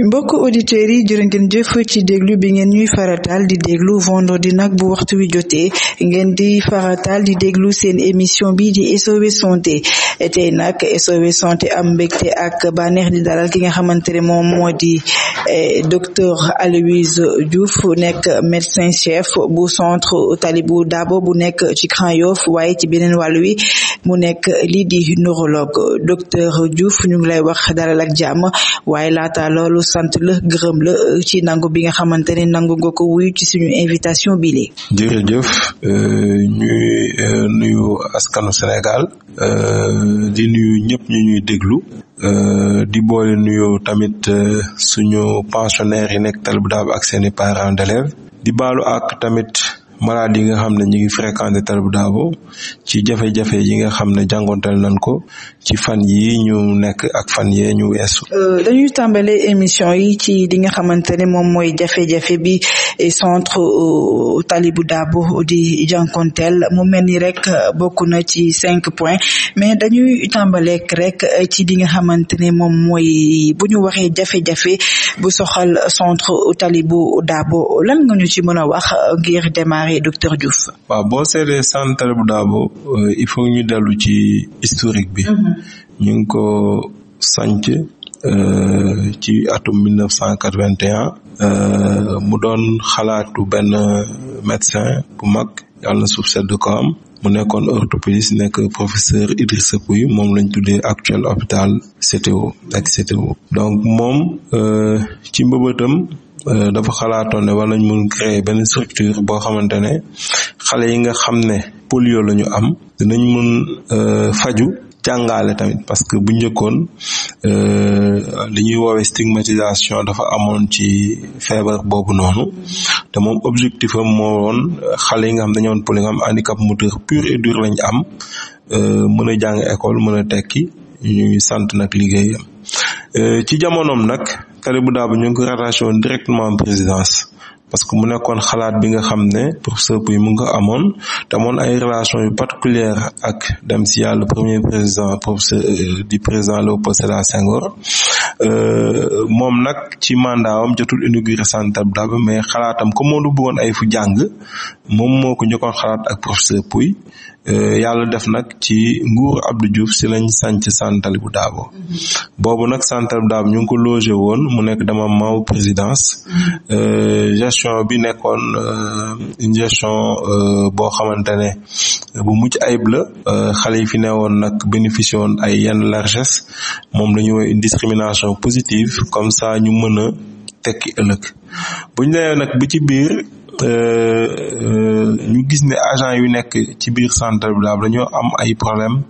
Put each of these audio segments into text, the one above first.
mbokk auditeurs yi jërë ngeen jëf ci déglu bi ngeen ñuy faratal di déglu vendredi nag bu waxtu wi jotee ngeen di faratal di déglu seen émission bi di SOS santé tey nag SOS santé am mbégte ak bànneex di dalal ki nga xamante ne moom moo di eh, docteur Aloyse Diouf nekk médecin chef bu centre talibu daabo bu nekk ci Grand Yoff waaye ci beneen wàll wi mu nekk lii di neurologue docteur Diouf ñu ngi lay wax dalal ak jàmm waaye laata loolu sant la gërëm la euh, ci nangu bi nga xamante ne nangu nga ko wuyu ci suñu invitation bi lee jërëjëf euh, ñuy euh, nuyu askanu Sénégal di nuyu ñëpp ñu ñuy déglu di boole nuyu tamit suñu pensionnaires yi nekk Talibou Dabo ak seeni parents d'élèves di baalu ak tamit malade yi nga xam ne ñu ngi fréquenté Talibou Dabo ci jafe-jafe yi nga xam ne jàngonteel nan ko ci fan yi ñu nekk ak fan yee ñu weesu. Euh, dañuy tàmbalee émission yi ci li nga xamante ne moom mooy jafe-jafe bi centre euh, Talibou Dabo di jànkonteel mu mel ni rek euh, bokk na ci cinq points mais dañuy tàmbaleek rek ci li nga xamante ne moom mooy bu ñu waxee jafe bu soxal centre Talibou Dabo lan nga ñu ci mën a wax ngir démarrer. et docteur Diouf. waaw boo seetee centre bu Dabo euh, il faut ñu dellu ci historique bi. Mhm. ñu ngi ko sanc euh, ci atum 1981. Euh, mu doon xalaatu benn médecin bu mag yàlla na suuf sedd ko am. mu nekkoon orthopédiste nekk professeur Idrissa Pouye moom lañ tuddee actuel hôpital CTO ak CTO donc moom ci mbëbëtam Euh, dafa xalaatoon ne war nañ mun créer benn structure boo xamante ne xale yi nga xam ne polio la ñu am dinañ mun euh, faju jàngaale tamit parce que bu njëkkoon euh, li ñuy woowee stigmatisation dafa amoon ci feebar boobu noonu te moom objectif am moo woon xale yi nga xam dañoo woon polio nga am handicap moteur pur et dur lañ am mën a jàng école mën a tekki ñuy sant nag liggéeyam ci jamonoom nag. Talibou Dabo ñu ngi ko rattaché woon directement présidence parce que mu nekkoon xalaat bi nga xam ne professeur Pouye mu ngi ko amoon te amoon ay relation yu particulière ak dem si yàlla premier président professeur euh, du président Léopold Sédar Senghor euh, moom nag ci mandatam jotul u centre Talibou Dabo mais xalaatam comme moom du bëggoon ay fu jàng moom moo ko njëkkoon xalaat ak professeur Pouye Euh, yàlla def nag ci nguur Abdou Diouf si nañ sànc santali bu daabo boobu nag santal bu daabo ñu ngi ko logé woon mu nekk dama maw présidence mm-hmm. euh, gestion bi nekkoon euh, une gestion boo xamante ne bu mucc ayib la xale yi fi ne woon nag bénéficié woon ay yenn largesse moom la ñu woy une discrimination positive comme ça ñu mën a tekki ëllëg buñ nee nag bi ci biir Euh, ñu gis ne agent yu nekk ci biir bi Blaab dañoo am ay problème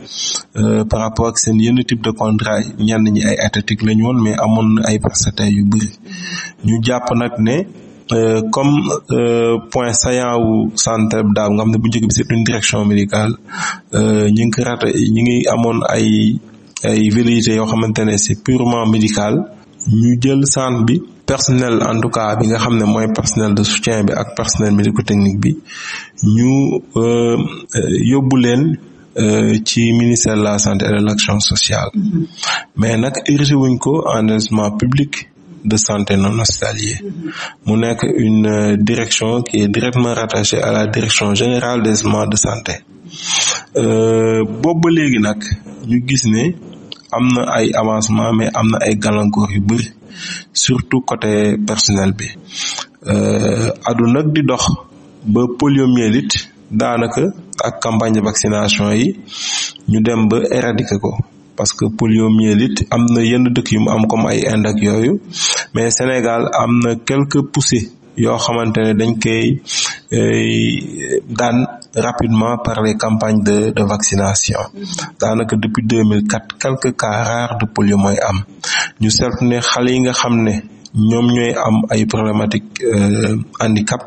euh, par rapport ak seen yenn type de contrat ñenn ñi ay athlétique lañu woon mais amoon na ay prestataires yu bëri ñu jàpp nag ne euh, comme point saillant wu centre bi nga xam ne bu jeg bi c'est une direction médicale ñu ngi ko ñu ngi amoon ay ay velléités yoo xamante ne c'est purement médical ñu jël sant bi personnel en tout cas bi nga xam ne mooy personnel de soutien bi ak personnel médico-technique bi ñu euh, yóbbu leen euh, ci ministère de la santé de l'action sociale mm-hmm. mais nag érigé wuñ ko en établissement public de santé non hospitalier mm-hmm. mu nekk une euh, direction qui est directement rattachée à la direction générale des établissements de santé boobu ba léegi nag ñu gis ne am na ay avancement mais am na ay gàllankoor yu bëri surtout côté personnel bi euh, aduna nag di dox ba poliomyélite daanaka ak campagne de vaccination yi ñu dem ba éradiquer ko parce que poliomyélite am na yenn dëkk yu mu am comme ay Inde ak yooyu mais Sénégal am na quelques poussées yoo xamante ne dañ koy eh, daan rapidement par les campagnes de de vaccination mm-hmm. daanaka depuis deux 2004 quelques cas rares de polio mooy am ñu seetlu ne xale yi nga xam ne ñoom ñooy am ay problématique euh, handicap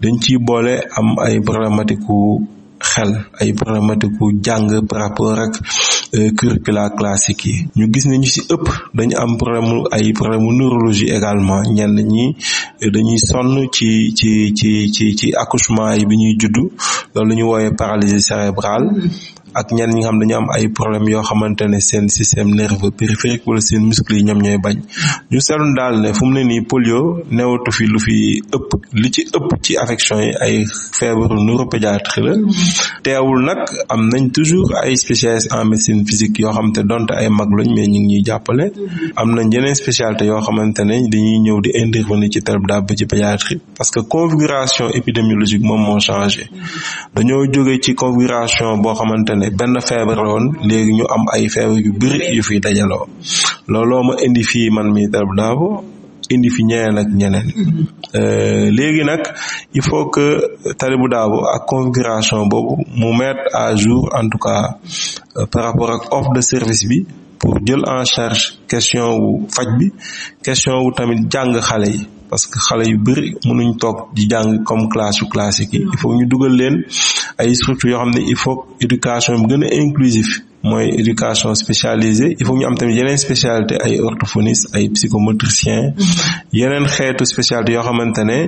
dañ ciy boole am ay problématique wu xel ay problématique wu jàng par rapport ak Euh, curricula classique yi ñu gis ne ñu ci ëpp dañu am problème ay problème neurologie également ñenn ñi euh, dañuy sonn ci ci ci ci ci accouchement yi bi ñuy juddu loolu la ñu wooyee paralysie cérébrale ak ñenn ñi nga xam dañu am ay problème yoo xamante ne seen système nerveux périphérique wala seen muscle yi ñoom ñooy bañ ñu seetlu daal ne fu mu ne nii polio newatu fi lu fi ëpp li ci ëpp ci affection yi ay feebaru neuropédiatrie la mm-hmm. teewul nag am nañ toujours ay spécialistes en personnes physiques yoo xamante donte ay mag lañ mais ñu ngi ñuy jàppale am na yeneen spécialité yoo xamante ne dañuy ñëw di intervenir ci terab dab ci pédiatrie parce que configuration épidémiologique moom moo changé dañoo jóge ci configuration boo xamante ne benn feebar la woon léegi ñu am ay feebar yu bëri yu fiy dajaloo looloo ma indi man mi terab indi fi ñeneen ak ñeneen euh, léegi nag il faut que Talibou Dabo ak configuration boobu mu mettre à jour en tout cas euh, par rapport ak offre de service bi pour jël en charge question wu faj bi question wu tamit jàng xale yi parce que xale yu bëri mënuñ toog jàng comme classe yu classique il faut ñu dugal leen ay structure yoo xam ne il faut éducation bi gën a inclusif mooy éducation spécialisée il faut ñu am tamit yeneen spécialité ay orthophoniste ay psychomotricien mm-hmm. yeneen xeetu spécialité yoo xamante ne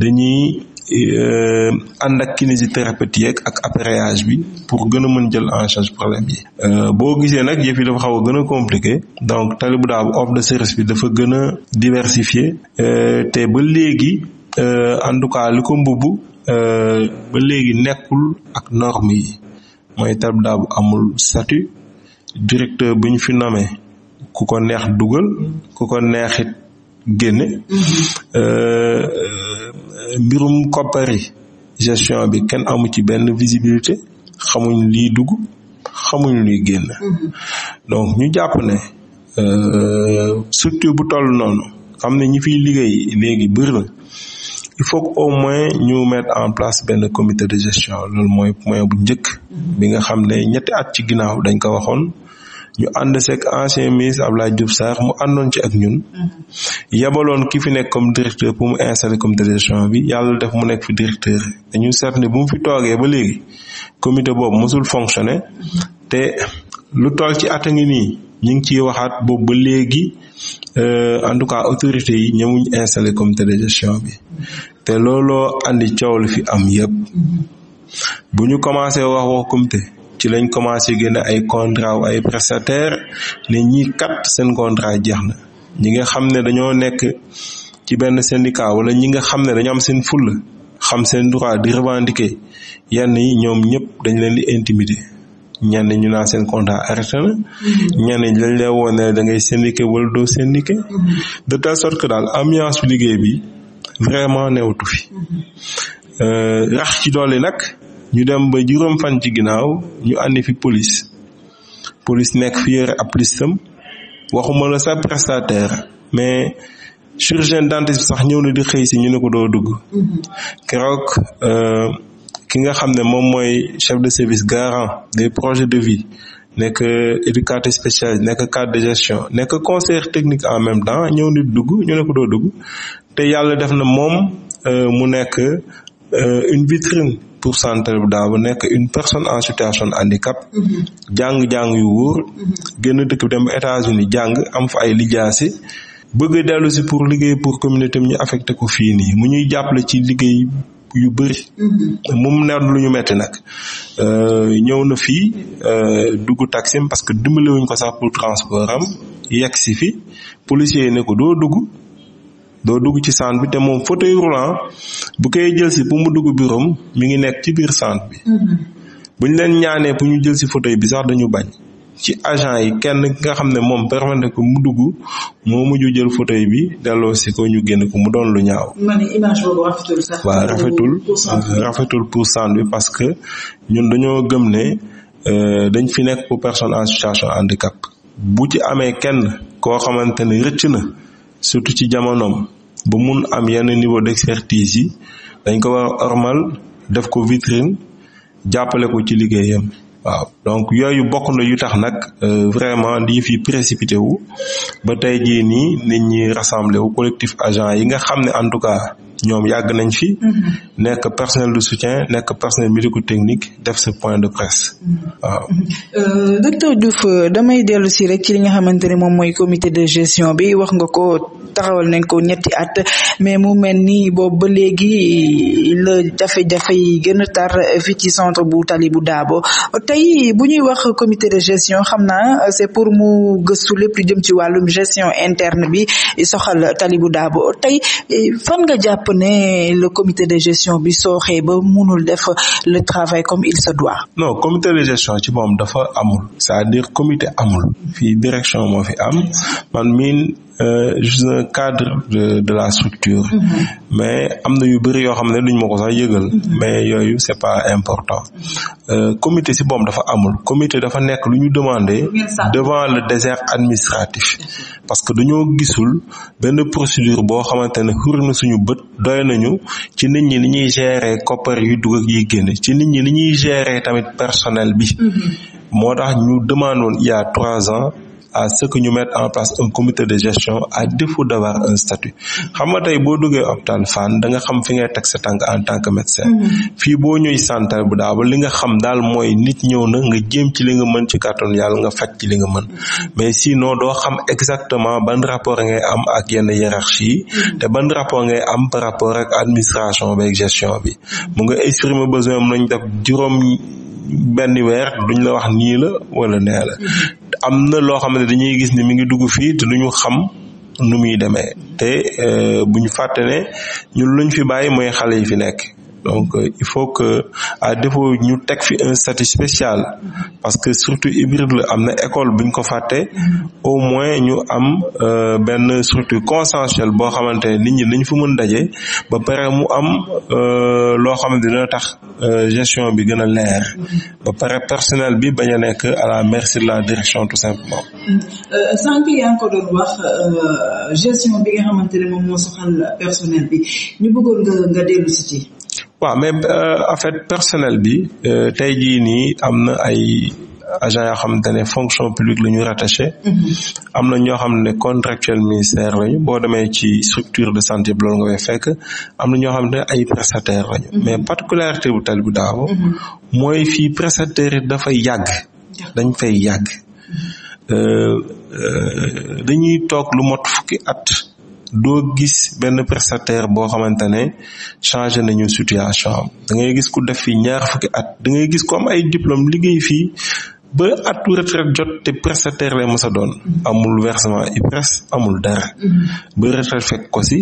dañuy Euh, ànd ak kinésithérapeute yeeg ak appareillage bi pour gën a mën jël en charge problème yi euh, boo gisee nag yëf yi dafa xaw a gën a compliqué donc Talibou Dabo offre de service bi dafa gën a diversifié euh, te ba léegi en tout cas li ko mbubb ba léegi nekkul ak norme yi mooy Talibou amul statut directeur bu ñu fi nommé ku ko neex dugal ku ko neexit génne mm-hmm. mbirum koppari gestion bi kenn amu ci benn visibilité xamuñ liy dugg xamuñ luy génn mm-hmm. donc ñu jàpp ne euh, surtout bu toll noonu xam ne ñi fiy liggéey léegi bëri na il faut au moins ñu mettre en place benn commité de gestion loolu mooy moyen bu njëkk mm-hmm. bi nga xam ne ñetti at ci ginnaaw dañ ko waxoon ñu ànd seeg ancien ministre Abdoulaye Diouf Sarr mu àndoon ci ak ñun mm-hmm. yebaloon ki fi nekk comme directeur pour mu installer comité de gestion bi yàlla def mu nekk fi directeur dañu seet ne bu mu fi toogee ba léegi comité boobu mosul fonctionner mm-hmm. te lu toll ci at a ngi nii ñu ngi ciy waxaat boobu ba léegi euh, en tout cas autorités yi ñëwuñ installer comité de bi mm-hmm. te looloo andi coow li fi am yëpp bu ñu commencé wax wax comité ci lañ commencé génne ay contrat wu ay prestataire ne ñi kat seen contrat jeex na ñi nga xam ne dañoo nekk ci benn syndicat wala ñi nga xam ne dañu am seen fulla xam seen droit di revendiquer yenn yi ñoom ñëpp dañ leen di intimider ñenn ñu naa seen contrat arrêté na mm-hmm. ñenn ñi dañ leen woon ne da ngay syndiqué wala doo syndiqué mm-hmm. de telle sorte que daal ambiance liggéey bi vraiment newatu fi mm-hmm. euh, rax ci dolli nag ñu dem ba juróom fan ci ginnaaw ñu àndi fi police police nekk fi yore ab listam waxuma la sa prestateur mais chirurgien dentiste bi sax ñëw na di xëy si ñu ne ko doo dugg keroog euh, ki nga xam ne moom mooy chef de service garant des projets de vie nekk éducateur spécial nekk cadre de gestion nekk conseiller technique en même temps ñëw nit dugg ñu ne ko doo dugg te yàlla def na moom euh, mu nekk euh, une vitrine pour centre bi daa bu nekk une personne en situation de handicap mm-hmm. jàng-jàng yu wóor mm-hmm. génn dëkk bi dem ba États-Unis jàng am fa ay lijaasi bëgg a dellu si pour liggéey pour communauté am ñu affecté ko fii nii mu ñuy jàppale ci liggéey yu bëri moom mm-hmm. ner lu ñu metti nag euh, ñëw na fii euh, dugg taxim parce que dimbalewuñ ko sax pour transport am yegg si fi policier yi ne ko doo dugg doo dugg ci centre bi te moom fauteuil roulant bu koy jël si pour mu dugg bureau mi ngi nekk ci biir sant bi. Mm-hmm. buñ leen ñaanee pour ñu jël si fauteuil bi sax dañu bañ. ci agent yi kenn nga xam ne moom permettre ko mu dugg moo mujj jël fauteuil bi delloo si ko ñu génn ko mu doon lu ñaaw. ma ne image boobu rafetul rafetul pour centre bi parce que ñun dañoo gëm ne euh, dañ fi nekk pour personne en situation handicap bu ci amee kenn koo xamante ne rëcc na. surtout ci jamonoom ba mun am yenn niveau d'expertise yi dañ ko war a ormal def ko vitrine jàppale ko ci liggéeyam waaw donc yooyu bokk na yu tax nag euh, vraiment lii fi précipité wu ba tey jii nii nit ñi rassemblé wu collectif agent yi nga xam ne en tout cas ñoom yàgg nañ fi. Mm-hmm. nekk personnel de soutien nekk personnel médico-technique def ce point de presse mm-hmm. waaw. Euh, docteur Diouf damay dellu si rek ci li nga xamante ne moom mooy comité de gestion bi wax nga ko taxawal nañ ko ñetti at mais mu mel ni boobu ba léegi la jafe-jafe yi gën a tar fii ci centre bu Talibou Dabo tey bu ñuy wax comité de gestion xam naa c'est pour mu gëstu lépp lu jëm ci wàllum gestion interne bi soxal Talibou Dabo tey fan nga jàpp. ne le comité de gestion bi sooxee ba munul def le travail comme il se doit. non comité de gestion ci moom dafa amul. c'est-à-dire comité amul. fii direction moo fi am man miin Euh, juste un cadre de la structure. Mm-hmm. mais am na yu bëri yoo xam ne duñ ma ko sax yëgal. Mm-hmm. mais yooyu c'est pas important euh, comité si boom dafa amul comité dafa nekk lu ñu demander. devant le désert administratif. parce que dañoo gisul benn procédure boo xamante ne xur na suñu bët doy nañu ci nit ñi ni ñuy gere koppar yu dugg ak yi génne ci nit ñi ni ñuy gere tamit personnel bi. Mm-hmm. moo tax ñu demande woon il trois ans. à ce que ñu mettre en place un comité de gestion à défaut d'avoir un statut xam nga tey boo duggee hôpital Fann da nga xam fi ngay teg sa tànk en tant que médecin mm-hmm. fii boo ñuy santé bu daaba li nga xam daal mooy nit ñëw na nga jéem ci li nga mën ci kàttan yàlla nga faj ci li nga mën mais sinon doo xam exactement ban rapport ngay am ak yenn hiérarchie mm-hmm. te ban rapport ngay am par rapport ak administration beeg gestion bi mu nga exprimer besoin am nañ def juróom benn weer duñ la wax nii la wala nee la mm-hmm. am na loo xam ne dañuy gis ni mi ngi dugg fii te ñu xam nu muy demee te euh, buñu fàtte ne ñun luñ fi bàyyi mooy xale yi fi nekk donc euh, il faut que à défaut ñu teg fi un statut spécial parce que surtout hybride la am na école bu ñu ko fàtte au moins ñu am euh, benn structure consensuelle boo xamante ne nit ñi nañ fa mën daje ba pare mu am euh, loo xamante dina tax euh, gestion bi gën a leer ba pare personnel bi bañ a nekk à la merci de la direction tout simplement. Euh, sànq yaa ngi ko doon wax gestion bi nga xamante moom moo soxal personnel bi ñu bëggoon nga nga dellu si ci. waaw mais euh, en fait personnel bi euh, tey jii nii am na ay agent yoo xamante ne fonction publique la ñu rattaché mm-hmm. am na ñoo xam ne contractuel ministère lañu boo demee ci structure de santé bi loolu nga koy fekk am na ñoo xam ne ay prestataire lañu mm-hmm. mais particularité bu tali bu daaw mm-hmm. mooy fii prestataire yi dafay yàgg dañ fay yàgg euh, dañuy toog lu mot fukki at doo gis benn prestataire boo xamante ne changé nañu situation am da ngay gis ku def fi ñaar fukki at da ngay gis ku am ay diplôme liggéey fii ba atu retraite jot te prestataire lay mës doon amul versement IPRES amul dara mm-hmm. ba retraite fekk ko si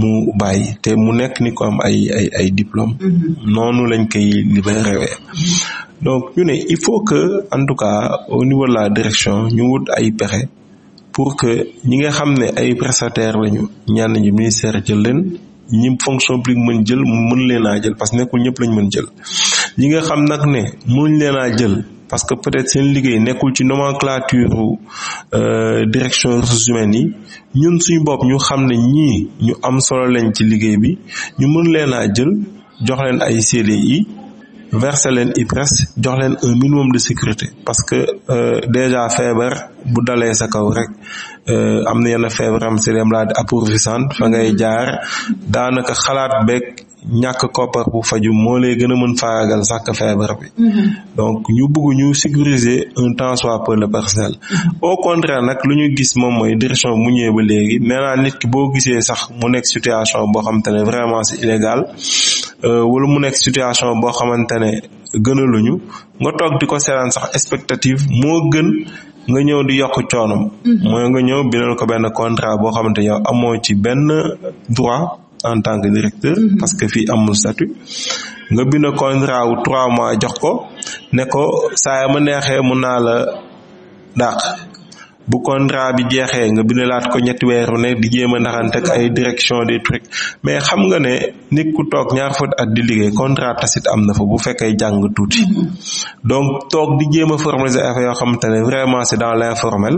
mu bàyyi te mu nekk ni ko am ay ay ay diplôme mm-hmm. noonu lañ koy libéré mm-hmm. donc ñu ne il faut que en tout cas au niveau la direction ñu wut ay pexe pour que ñi nga xam ne ay prestataire lañu ñaan nañu ministère jël leen ñi fonction publique mën jël mu mën leen a jël parce que nekkul ñëpp lañ mën jël ñi nga xam nag ne mënuñ leen a jël parce que peut-être seen liggéey nekkul ci nomenclature euh, direction ressources humaines yi ñun suñu bopp ñu xam ne ñii ñu am solo lañ ci liggéey bi ñu mën leen a jël jox leen ay CDI verser leen IPRES jox leen un minimum de sécurité parce que euh, déjà feebar bu dalee sa kaw rek euh, am na yenn feebar am si dem laa di appauvrissante fa ngay jaar daanaka xalaat beeg ñàkk koppar bu faju moo lay gën a mën faagal sàkk feebar bi mhm. donc ñu bugg ñu sécuriser un temps soit peur le personnel o mhm. contraire nag lu ñu gis moom mooy direction mu ñëwee ba léegi maintenant nit ki boo gisee sax mu nekk situation boo xamante ne vraiment c'est illégal euh, wala mu nekk situation boo xamante ne gënaluñu nga toog di ko seetaan sax expectative moo gën nga ñëw di yokk coonam mhm. mooy nga ñëw bindal ko benn contrat boo xamante yow amoo ci benn droit en tant que directeur mhm. parce que fii amul statut nga bind contrat wu trois mois jox ko ne ko saa ya ma neexee mun naa la dàq bu contrat bi jeexee nga bindalaat ko ñetti weeru ne di jéem a ndaxante ak ay direction des trucs mais xam nga ne nit ku toog ñaar fukki at di liggéey contrat tacite am na fa bu fekkee jàng tuuti donc toog di jéem a formaliser affaire yoo xamante ne vraiment c'est dans l'informel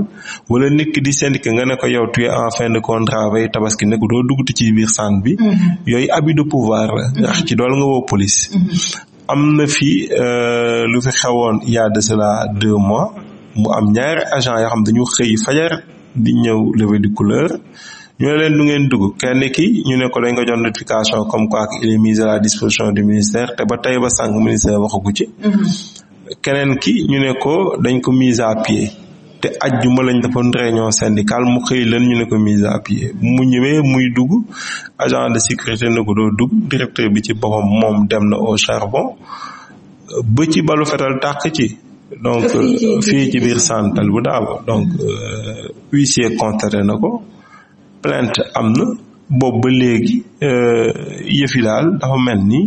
wala nit ki di syndiqué nga ne ko yow tu es en fin de contrat bay tabaski ne ko doo duggati ci biir centre bi mm-hmm. yooyu abus de pouvoir la ndax mm-hmm. ci dool nga woo police mm-hmm. am na fi euh, lu fi xewoon il y d mois mu am ñaar agent yoo xam dañu xëy fajar di ñëw levée du couleur ñu ne leen du ngeen dugg kenn ki ñu ne ko dañ ko jox notification comme quoi il est mis à la disposition du ministère te ba tey ba sànq ministère waxagu ci mm-hmm. keneen ki ñu ne ko dañ ko mise à pied te ajjuma lañ defoon réunion syndicale mu xëy leen ñu ne ko mise à pied mu ñëwee muy dugg agent de sécurité ne ko doo dugg directeur bi ci boppam moom dem na au charbon ba ci balu fetal tàkk ci donc euh, fii ci biir santal bu daaw donc euh, huissier constaté na ko plainte am na boobu ba léegi euh, yëf yi daal dafa mel ni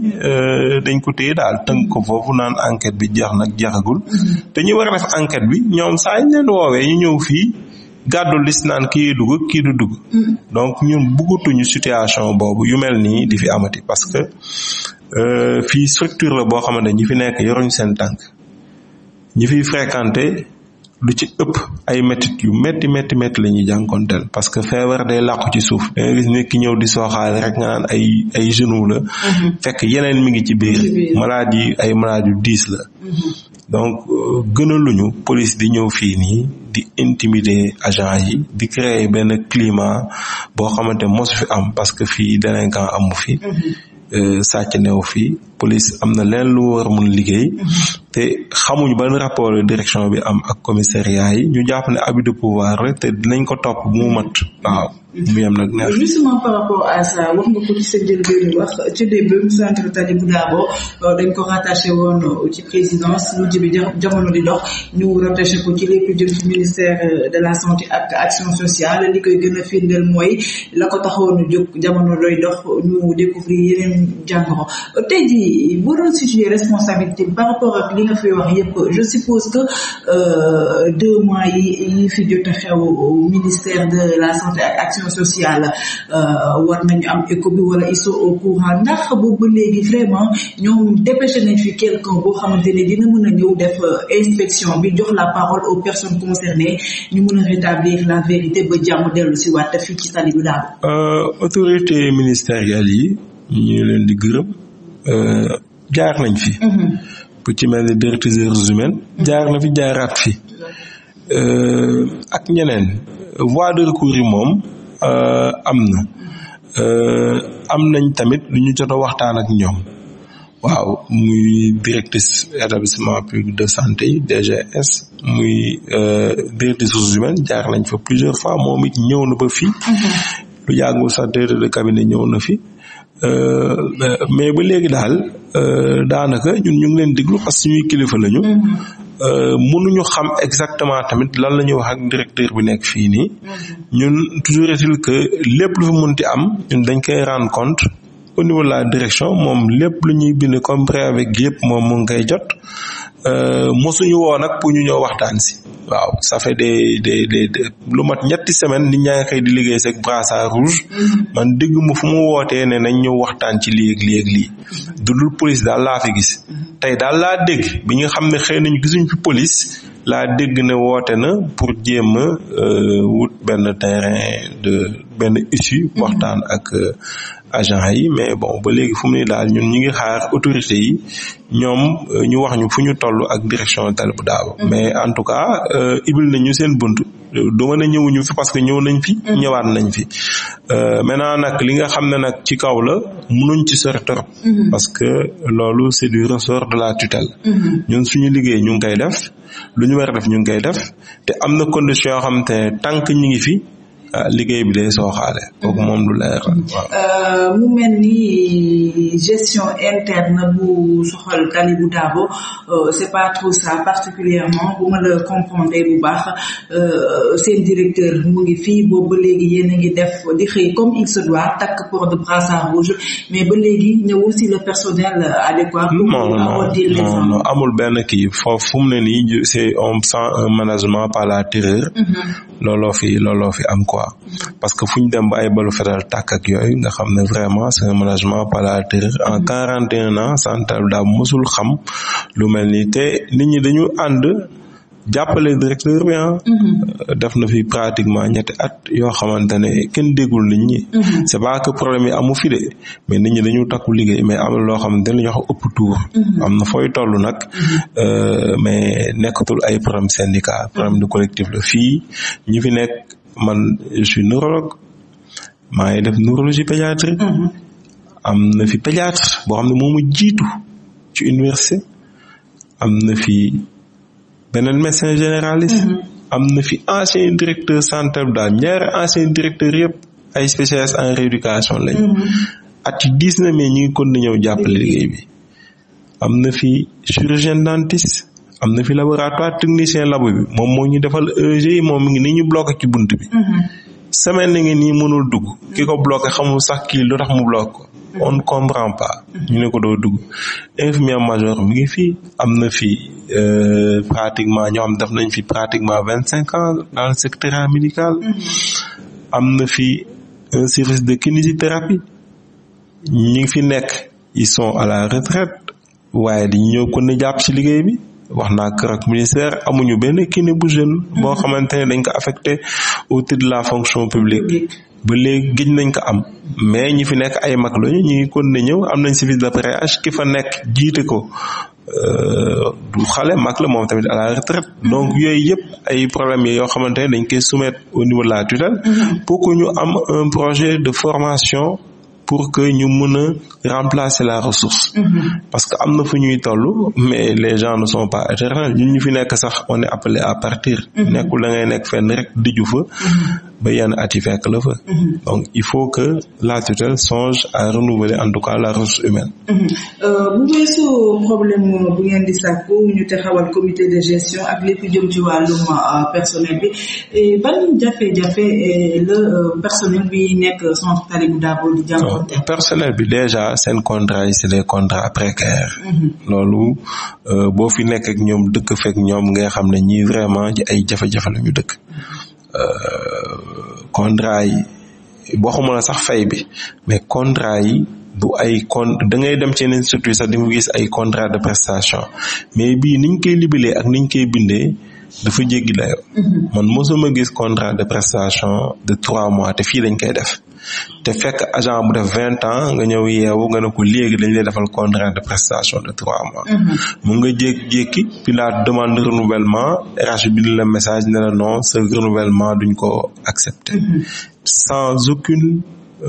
dañ ko téye daal tënk ko foofu naan enquête bi jeex nag jeexagul mm-hmm. te ñu war a def enquête bi ñoom saa ñu woowee ñu ñëw fii gàddu liste naan kii dugg kii du dugg mm-hmm. donc ñu bëggatuñu situation boobu yu mel nii di fi amati parce que fii structure la boo xamante ñi fi nekk yoruñ seen tànk ñi fi fréquenté lu ci ëpp ay métit yu métti métti métti la ñuy jànkonteel parce que feebar day làqu ci suuf da gis nit ki ñëw di sooxaale rek nga naan ay ay genou la mm-hmm. fekk yeneen mi ngi ci biir malade yi ay malade yu diis la mm-hmm. donc euh, gënaluñu police di ñëw fii nii di intimider agent yi di créer benn climat boo xamante mosu fi am parce que fii délinquant amu fi mm-hmm. Euh, sàcc neew fii police am na leen lu war mun liggéey te xamuñu ban rapport direction bi am ak commissariat yi ñu jàpp ne abus de pouvoir rek te dinañ ko topp bu mu mat waaw mu yem nag neex. Euh, justement par rapport à wax nga ko ci sa njëlbéenu wax ci démb centre Talibou Dabo dañ ko rattaché woon euh, ci présidence mujj bi jamono di dox ñu rattaché ko ci lépp jëm euh, de la santé ak action li koy gën la ko taxoon jóg jamono doy dox ñu découvrir yeneen jàngoro tey jii boo doon situer responsabilité par rapport ak li nga fi a ministère de la santé ak action action sociale euh, war nañu am écho bi wala ils sont au courant ndax boobu léegi vraiment ñoom dépêché nañ fi quelqu'un boo xamante ne dina mën a ñëw def euh, inspection bi jox la parole aux personnes concernées ñu mën a rétablir la vérité ba jàmm dellu si waat fii ci Saliou Darou. Euh, autorité ministérielle yi ñu leen di gërëm jaar nañ fi. bu mm-hmm. ci mel ni directeur des ressources jaar na fi jaaraat fi. Mm-hmm. ak ñeneen voie de moom. Euh, am na euh, am nañ tamit lu ñu jot waxtaan ak ñoom waaw muy directrice établissement public de santé DGS muy euh, directrice ressources humaines jaar nañ fa plusieurs fois moom it ñëw na ba fii mm-hmm. lu yàggul sax directeur de cabinet ñëw na fi Euh, mais ba léegi daal euh, daanaka ñun ñu ngi leen diglu parce que ñuy kilifa lañu. Mm-hmm. Euh, mënuñu xam exactement tamit lan la ñuy wax ak directeur bi nekk fii nii. Mm-hmm. ñun toujours est que lépp lu mun mënti am ñun dañ koy rendre compte. au niveau la direction moom lépp lu ñuy bind comme préavis yëpp moom mu ngi jot Euh, mosuñu woo nag pour ñu ñëw waxtaan si waaw ça fait des des des lu mat ñetti semaine nit ñaa ngi xëy di liggéey seg brassard rouge mm-hmm. man dégg ma fu mu wootee ne nañ ñëw waxtaan ci lii ak lii ak mm-hmm. du dul police daal laa fi gis mm-hmm. tey daal laa dégg bi ñu xam ne xëy nañu gisuñu fi police laa dégg ne woote na pour jéem a euh, wut benn terrain de benn issue waxtaan ak euh, agent yi mais bon ba léegi fu mu daal ñun ñi ngi xaar autorité yi ñoom euh, ñu wax ñu fu ñu toll ak direction Talibou Dabo mm-hmm. mais en tout cas euh, ibil ñu seen bunt du mën ñëwuñu fi parce que ñëw nañ fi mm-hmm. ñëwaat nañ fi euh, maintenant nag li nga xam ne nag ci kaw la mënuñ ci sori mm-hmm. parce que loolu c'est du ressort de la tutelle ñun suñu liggéey ñu ngi koy def lu ñu war a def ñu ngi koy def te am na condition yoo xam te ne tant ñu ngi fi Ah, liggéey bi day sooxaale moom du lay xam waaw. Euh, mu mel ni gestion interne bu soxal Talibou Dabo euh, c'est pas trop ça particulièrement bu ma la comprendre bu baax euh, seen directeur mu ngi fii boobu léegi yéen ngi def di xëy comme il se takk port de brassard rouge mais ba léegi ñëwul si le personnel adéquat. non amul benn kii foofu fu mu ne nii c'est on sent un management par la terreur. Mhm. looloo fi looloo fi am quoi. quoi parce que fu ñu dem ba ay balu fetal tàkk ak yooyu nga xam ne vraiment c'est un management par en terreur en quarante et un ans Santale daa mosul xam lu mel nii te nit ñi dañu ànd jàppale directeur bi ah. Mm-hmm. def na fi pratiquement ñetti at yoo xamante ne kenn déggul nit ñi. Mm-hmm. c'est pas problème yi amu fi mais nit ñi dañu takku liggéey mais am na loo xam ne dañu wax ëpp tour. Mm-hmm. am na fooy toll nag euh, mais nekkatul ay problème syndicat problème de collectif la fii ñi fi nekk. man je suis neurologue maa ngi def neurologie pédiatrie mm-hmm. am na fi pédiatre boo xam ne moomu jiitu ci université am na fi beneen médecin généraliste mm-hmm. am na fi ancien directeur central daal ñaar ancien directeur yëpp ay spécialistes en rééducation lañu mm-hmm. at yi mais ñu ngi kon na ñëw jàppale liggéey bi am na fi chirurgien dentiste am na fi laboratoire technicien labo bi moom moo ñu defal EG moom mi ngi ni ñu bloqué ci bunt bi. Mhm. semaine ngi nii mënul dugg ki ko bloqué xamul sax kii lu tax mu bloqué mhm. on comprend pas. ñu ne ko doo dugg infirmier major mi ngi fii am na fii euh, pratiquement ñoo def nañ fi pratiquement vingt cinq ans dans le secteur médical. Mhm. am na fii un service de kinésithérapie ñi fi nekk ils sont à la retraite waaye dañu ñëw kon ne jàpp ci liggéey bi. wax naa kër ministère amuñu benn kiné bu jeune boo mhm. xamante ne dañ ko affecté au titre de la fonction publique ba léegi gëj nañ ko am mais ñi fi nekk ay mag lañu ñu ngi kon ne ñëw am nañ service d'appareillage ki fa nekk jiite ko euh, du xale mag la moom tamit à la retraite mhm. donc yooyu yëpp ay problèmes yi yoo xamante ne dañ koy soumettre au niveau de la tutelle mhm. pour que ñu am un projet de formation pour que ñu mën a remplacer la ressource. Mm-hmm. parce que am na fu ñuy toll mais les gens ne sont pas éternels ñun ñu fi nekk sax on est appelé à partir. Mm-hmm. nekku la ngay nekk fenn rek diju fa. Mm-hmm. ba yenn at yi fekk la fa mhm. il faut que la tutelle songe à renouveler en tout cas la ressource humaine mhm. euh, bu weesoo problème bu ngeen di sàkku ñu taxawal comité de gestion ak euh, bi ban jafe-jafe euh, la personnel bi nekk centre personnel bi déjà seen contrat yi c'est des contrats mhm. loolu boo fi nekk ñoom dëkk fekk ñoom ngay xam ne ñi vraiment ci ay jafe-jafe la ñu dëkk Euh, contrat yi waxuma la sax fay bi mais contrat yi du ay con da ngay dem ci yeneen structure sax di nga gis ay contrat de prestation mais bii niñ koy libilee ak niñ koy bindee dafa jéggi dayoo. Mm-hmm. man mosuma gis contrat de prestation de trois mois te fii lañ koy def. te fekk agent bu def vingt ans nga ñëw yeewu nga ne ko léegi dañ lay defal contrat de prestation de trois mois mhm. mun nga jékki-jékki puis la demande renouvellement RH bi la message ne la non ce renouvellement duñ ko accepter mhm. sans aucune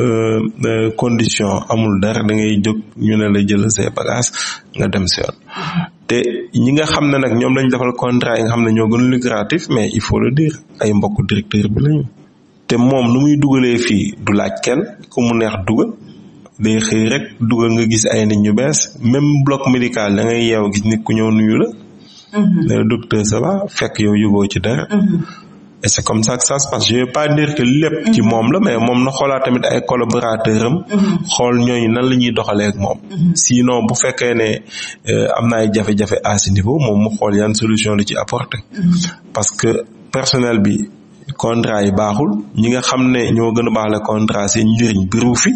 euh, euh, condition amul dara da ngay jóg ñu ne la jël say bagages nga dem si yoon mhm. te ñi nga xam ne nag ñoom lañ defal contrat yi nga xam ne ñoo gën lucratif mais il faut le dire ay mbokk directeur bi lañu te moom nu muy dugalee fii du laaj kenn ku mu neex dugal day xëy rek dugal nga gis ay nit ñu bees même bloc médical da ngay yeew gis nit ku ñëw nuyu la. le mhm. docteur ça fekk yow yóbboo ci dara. Mhm. et c' est comme ça que ça se lépp ci mhm. moom la mais moom na xoolaat tamit ay collaborateurs am. xool ñooñu nan la ñuy doxalee ak moom. sinon bu fekkee ne euh, am na ay jafe-jafe à niveau moom mu xool yan solution la ci apporté parce que personnel bi. contrat yi baaxul ñi nga xam ne ñoo gën a baax la contrat seen njëriñ biru fi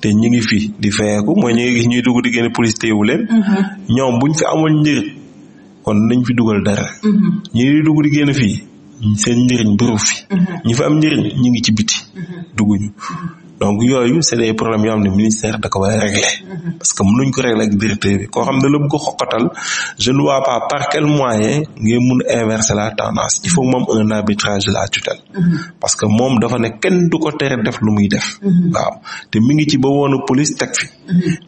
te ñi ngi fi di feeku mooy ñi ngi gis ñuy dugg di génn police téewu leen mm-hmm. ñoom buñ fi amoon njëriñ kon nañ fi dugal dara mm-hmm. ñi di dugg di génn fii seen njëriñ biru fi mm-hmm. ñi fi am njëriñ ñi ngi ci biti dugguñu donc yooyu c' est des problèmes yoo ne ministère da ko war a régler mm-hmm. parce que mënuñ ko régler ak directeur bi koo xam ne la bëgg ko xoqatal je ne vois pas par quel moyen ngay mun inverser la tendance il faut moom un arbitrage de la tutelle mm-hmm. parce que moom dafa ne kenn du ko tere def lu muy def mm-hmm. waaw te mi ngi ci ba woon police teg fi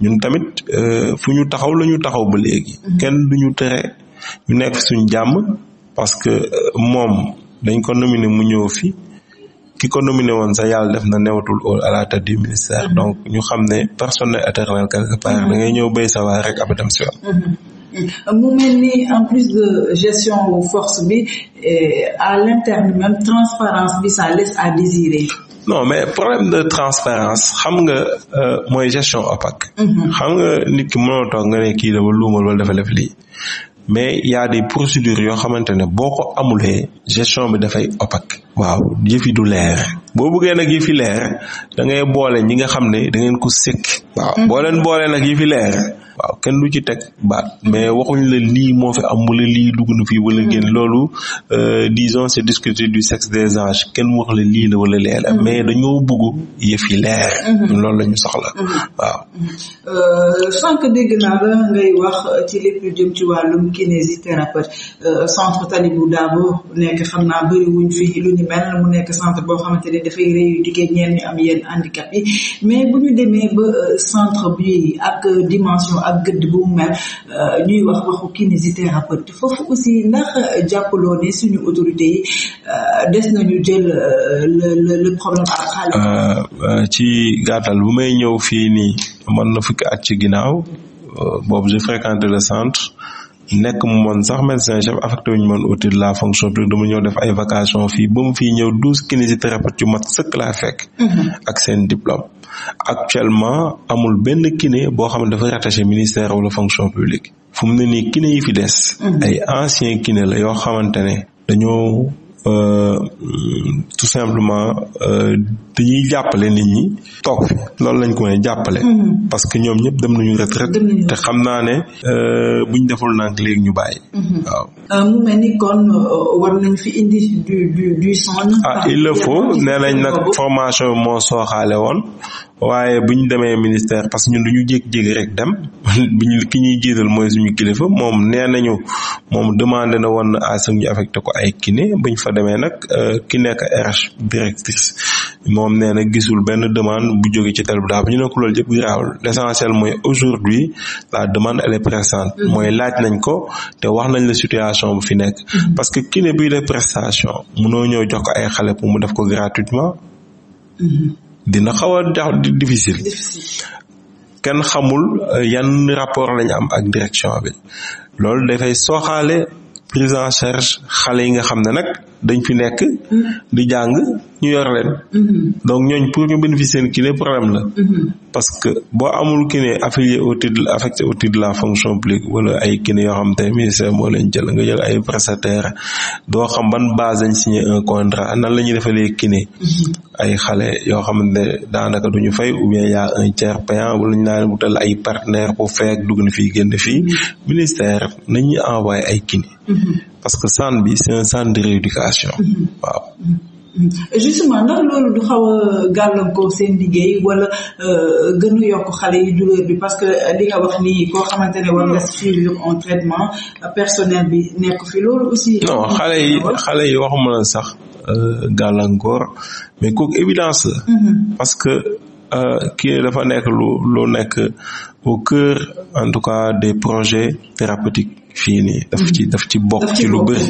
ñun tamit euh, fu ñu taxaw la ñu taxaw ba léegi kenn ñu tere ñu nekk suñ jàmm parce que euh, moom dañ ko nominé mu ñëw fi ki ko nominé woon sax yàlla def na newatul au à la tête ministère mm-hmm. donc ñu xam ne personne n'est éternel quelque part mm-hmm. da ngay ñëw béy sa waa rek ab dem si mm-hmm. mu mel ni en plus de gestion force bi eh, à l'interne transparence bi ça laisse à désirer. non mais problème de transparence xam nga euh, mooy gestion opaque. xam nga nit ki mënoo toog nga ne kii dafa luumal wala dafa def lii mais y a des procédures yoo xamante ne boo ko amulee gestion bi dafay opaque waaw yëf du leer boo bëggee nag yi fi leer da ngay boole ñi nga xam ne da ngeen ko sëkk waaw mm-hmm. boo leen boolee nag yi fi leer waaw kenn lu ci teg baat mais waxuñ la lii moo fi am wala lii dugg na fii wala génn hmm. loolu euh, disons c'est discuter du sexe des anges kenn wax la lii la wala lee hmm. mais dañoo bëgg yëf yi leer hmm. loolu la ñu soxla waaw euh, sànq dégg naa la ngay wax ci lépp lu jëm ci wàllum kinésithérapeute euh, centre Talibou Dabo nekk xam naa bëri fi lu ni mel mu nekk centre boo xamante ne dafay rééduquer ñeen ñu am yenn handicap mais bu ñu demee ba centre bi ak dimension ak gëdd bu mu mel euh, ñuy wax waxu kinésithérapeute foofu aussi ndax jàppaloo ne suñu autorité yi euh, des nañu jël euh, le le problème à ci gàttal bu may ñëw fii nii man na fukki at ci ginnaaw boobu je fréquente le centre nekk mu moon sax médecin chef affecté wuñu moon au titre de la fonction publique dama ñëw def ay vacation fii ba mu fii ñëw douze kinésithérapeutes yu mat sëkk laa fekk mm-hmm. ak seen diplôme actuellement amul benn kiné boo xam ne dafa rattaché ministère wala fonction publique fu mu ne nii kiné yi fi des mm-hmm. ay ancien kiné la yoo xamante ne dañoo Euh, tout simplement euh, dañuy jàppale nit ñi toog fi loolu lañ ko jàppale. Mm-hmm. parce que ñoom ñëpp dem nañu retraite te xam naa ne euh, buñ deful nànk léegi ñu bàyyi. Mm-hmm. waaw nañ fi indi ah, il faut nee nañ nag formation moo sooxaale woon. waaye bu ñu demee ministère parce que ñun du ñu jékki-jékki rek dem bi ñu ki ñuy jiital mooy suñu kilifa moom nee nañu moom demandé na woon na ASC ñu affecté ko ay kiné buñ fa demee nag euh, ki nekk RH moom nee na gisul benn demande bu jóge ci tel daa bu ñu ne ko loolu yëpp garaawul l'essentiel mooy aujourd'hui la demande elle est mm-hmm. mooy laaj nañ ko te wax nañ la situation bu fi nekk mm-hmm. parce que kiné buy def prestation mënoo ñëw jox ko ay xale pour mu def ko gratuitement mm-hmm. dina xaw a difficile kenn xamul euh, yan rapport lañu am ak direction bi loolu dafay sooxaale prise en charge xale yi nga xam ne nag dañ fi nekk du jàng ñu yor leen mm-hmm. donc ñooñ pour ñu bénéficier seen kiné problème la mm-hmm. parce que boo amul kiné affilié au titre affecté au la fonction publique wala ay kiné yoo xam te ministère moo leen jël nga jël ay prestataire doo xamban ban base lañ signé un contrat nan la ñuy defalee kiné mm-hmm. ay xale yoo xam ne daanaka duñu fay ou bien y a un tiers payant wala ñu naan wutal ay partenaire pour feek dugg na fii génn fii ministère nañu envoyé ay kiné parce que centre bi c'est un centre de rééducation mm-hmm. waaw mm-hmm. justement ndax loolu du xaw a gàllankoor seen liggéey wala euh, gënu yokk xale yi douleur bi parce que euh, li nga wax nii koo xamante ne war nga traitement euh, personnel bi nekk fi loolu xale yi waxuma la sax gàllankoor mais kooku évidence mm-hmm. parce que kii dafa nekk lu lu nekk au cœur en tout cas des projets thérapeutiques. fii nii daf ci daf ci bokk ci lu bëri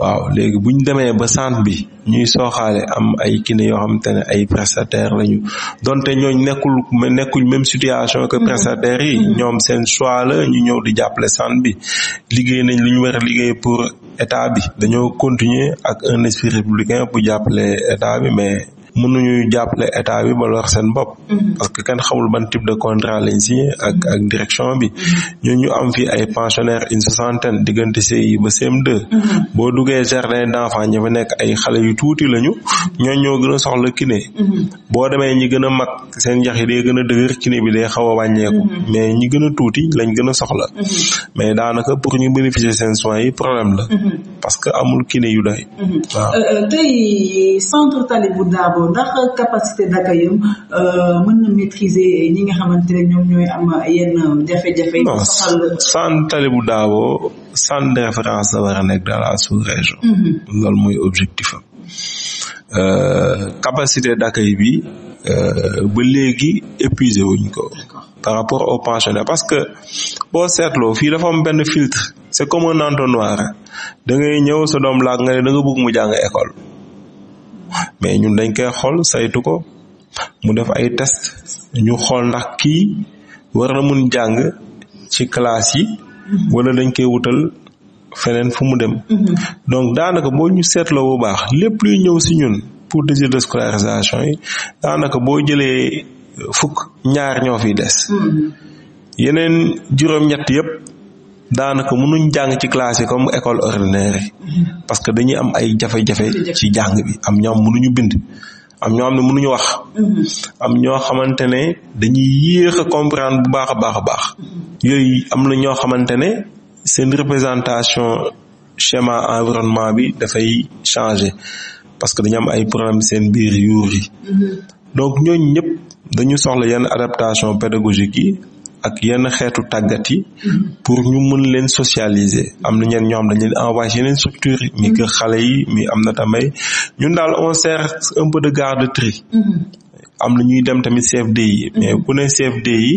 waaw léegi buñ demee ba sant bi ñuy sooxaale am ay kiné yoo xamante ne ay prestataire lañu donte ñooñ nekkul nekkuñ même situation que mm-hmm. prestataire yi mm-hmm. ñoom seen choix la ñu ñëw di jàppale centre bi liggéey nañ li ñu war a liggéey pour état bi dañoo continuer ak un esprit républicain pour jàppale état bi mais mun mënuñu jàppale état bi ba wax seen bopp. Mhm. parce que kenn xamul ban type de contrat lañ si mhm. ak direction bi. Mhm. ñun ñu am fi ay pensionnaires une soixantaine diggante CI ba CM2. boo duggee jardin d'enfants ñi fa nekk ay xale yu tuuti lañu ñoo ñoo gën a soxla kiné. boo demee ñi gën a mag seen jax yi day gën a dëgër kiné bi day xaw a wàññeeku. mais ñi gën a tuuti lañ gën a soxla. mais daanaka pour ñu bénéficier seen soins yi problème la. parce que amul kiné yu doy. waaw euh, euh, taxaw ndax capacité d'accueil euh, mën na maîtriser ñi nga xamante ne ñoom ñooy am yenn jafe-jafe. non centre Talibou Dabo centre référence la war a nekk dans sous-région. Mhm. loolu mooy objectif am. Euh, capacité d'accueil bi euh, ba léegi épuisé wuñ ko. par rapport aux pensionnaires parce que boo seetloo fii dafa am benn filtre c'est comme un entonnoir da ngay ñëw sa doom laaj nga ne da nga bëgg mu jàng école mais ñun dañ koy xool saytu ko mu def ay test ñu xool ndax kii war na mun jàng ci classe yi wala dañ koy wutal feneen fu mu dem mm-hmm. donc daanaka boo ñu seetloo wu baax lépp luy ñëw si ñun pour désir de scolarisation yi daanaka boo jëlee fukk ñaar ñoo fi des mm-hmm. yeneen juróom-ñett yëpp daanaka mënuñ jàng ci classe yi comme école ordinaire yi parce que dañuy am ay jafe-jafe ci jàng bi am ñoo xam mënuñu bind am ñoo mënuñu wax am ñoo xamante ne dañuy yéex comprendre bu baax a baax a baax yooyu am na ñoo xamante ne seen représentation schéma environnement bi dafay changé parce que dañu am ay problème seen biir yuur yi mhm. donc ñooñ ñëpp dañu soxla yenn adaptation pédagogique yi ak yenn xeetu tàggat yi pour ñu mën leen socialiser am na ñeen ñoo xam dañ envoyé yeneen structure yi mi xale yi mi am na tamay ñun daal on sert un peu de garderie am na ñuy dem tamit CFD yi mais ne CFD yi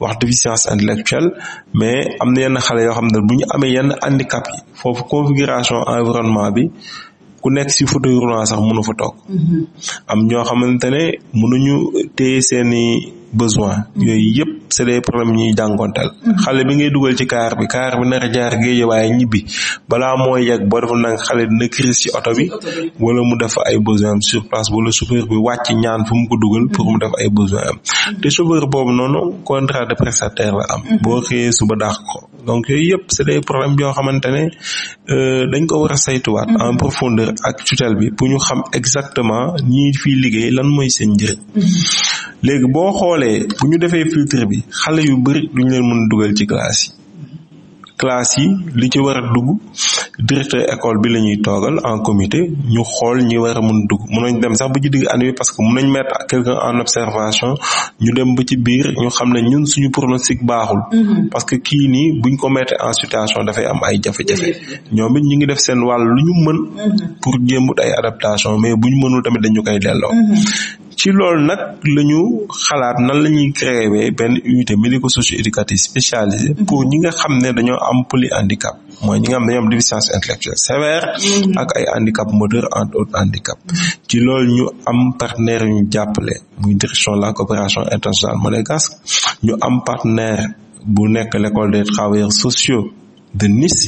wax déficience intellectuelle mais am yenn xale yoo xam ne bu ñu amee yenn handicap yi foofu configuration environnement bi ku nekk si fauteuil roulant sax mënu fa toog mm-hmm. am ñoo xamante ne mënuñu téye seeni besoin mm-hmm. yooyu yëpp c'est des problème ñuy jànkonteel mm-hmm. xale bi ngay dugal ci kaar bi kaar bi na a jaar géej waaye ñibbi bala mooy yegg boo deful nag xale dina crise ci oto bi wala mu def ay besoin am sur place wala chauffeur bi wàcc ñaan fu mu ko dugal pour mu def ay besoin am mm-hmm. te chauffeur boobu noonu contrat de prestataire la am mm-hmm. boo xëyee suba daax ko donc yooyu yëpp c'est des problème yoo xamante ne euh, dañ ko war a saytuwaat en profondeur ak tutelle bi pour ñu xam exactement ñi fiy liggéey lan mooy seen njëriñ léegi boo xoolee bu ñu defee filtre bi xale yu bëri ñu leen mën dugal ci classe yi classe yi li ci war a dugg directeur école bi la ñuy toogal en comité ñu xool ñi war a mun dugg mënañ dem sax bu ci digg année bi parce que mun nañ mettre quelqu'un en observation ñu dem ba ci biir ñu xam ne ñun suñu pronostic baaxul mm-hmm. parce que kii nii buñ ko mettre en situation dafay am ay jafe-jafe ñoom it ñu ngi def seen wàll lu ñu mën mm-hmm. pour jéemut ay adaptation mais bu ñu mënul tamit dañu koy delloo mm-hmm. ci loolu nag la ñu xalaat nan la ñuy créer benn unité médico-socio-éducative spécialisée mhm. pour ñi nga xam ne dañoo am polyhandicap mooy ñi nga xam ne dañoo am déficience intellectuelle sévère mhm. ak ay handicap moteur en autres handicap ci loolu ñu am partenaire ñu jàppale muy direction la coopération internationale monégasque ñu am partenaire bu nekk lecole des travailleurs sociaux de Nice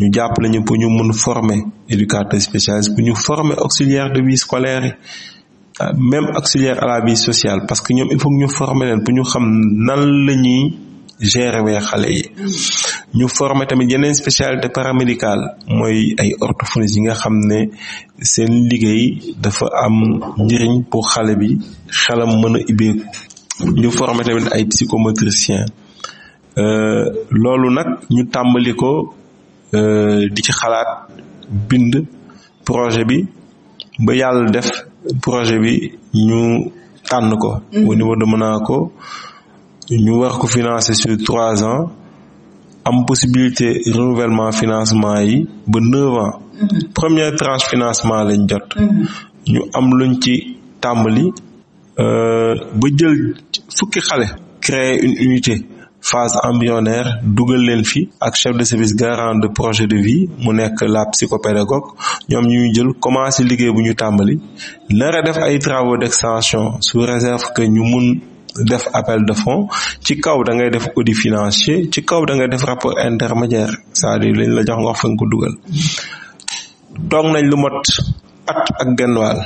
ñu jàppale ñu pour ñu mun former éducateur spécialiste pour ñu former auxiliaire de vie scolaire Euh, même auxiliaire à la vie sociale parce que ñoom il faut ñu former leen bu ñu xam nan la ñuy gérer wee xale yi ñu former tamit yeneen spécialité paramédicale mooy ay orthophonistes yi nga xam ne seen liggéey dafa am njëriñ pour xale bi xelam mën a ibbeeku ñu former tamit ay psychomotricien euh, loolu nag ñu tàmbali ko euh, di ci xalaat bind projet bi ba yàlla def projet bi ñu tànn ko. Mhm. au niveau de ko ñu war ko financer sur trois ans am possibilité renouvellement financement yi ba neuf ans. Mhm. première tranche financement lañ jot. Mhm. ñu am luñ ci tàmbali. Euh, ba jël fukki xale. créer une unité. phase embryonnaire dugal leen fi ak chef de service garant de projet de vie mu nekk la psychopédagogue ñoom ñu jël commencé liggéey bu ñu tàmbali nar def ay travaux d'extension sous réserve que ñu mun def appel de fonds ci kaw da ngay def audi financier ci kaw da ngay def rapport intermédiaire c'est-à-dire lañ la jox nga wax ko dugal toog nañ lu mot at ak genn wàll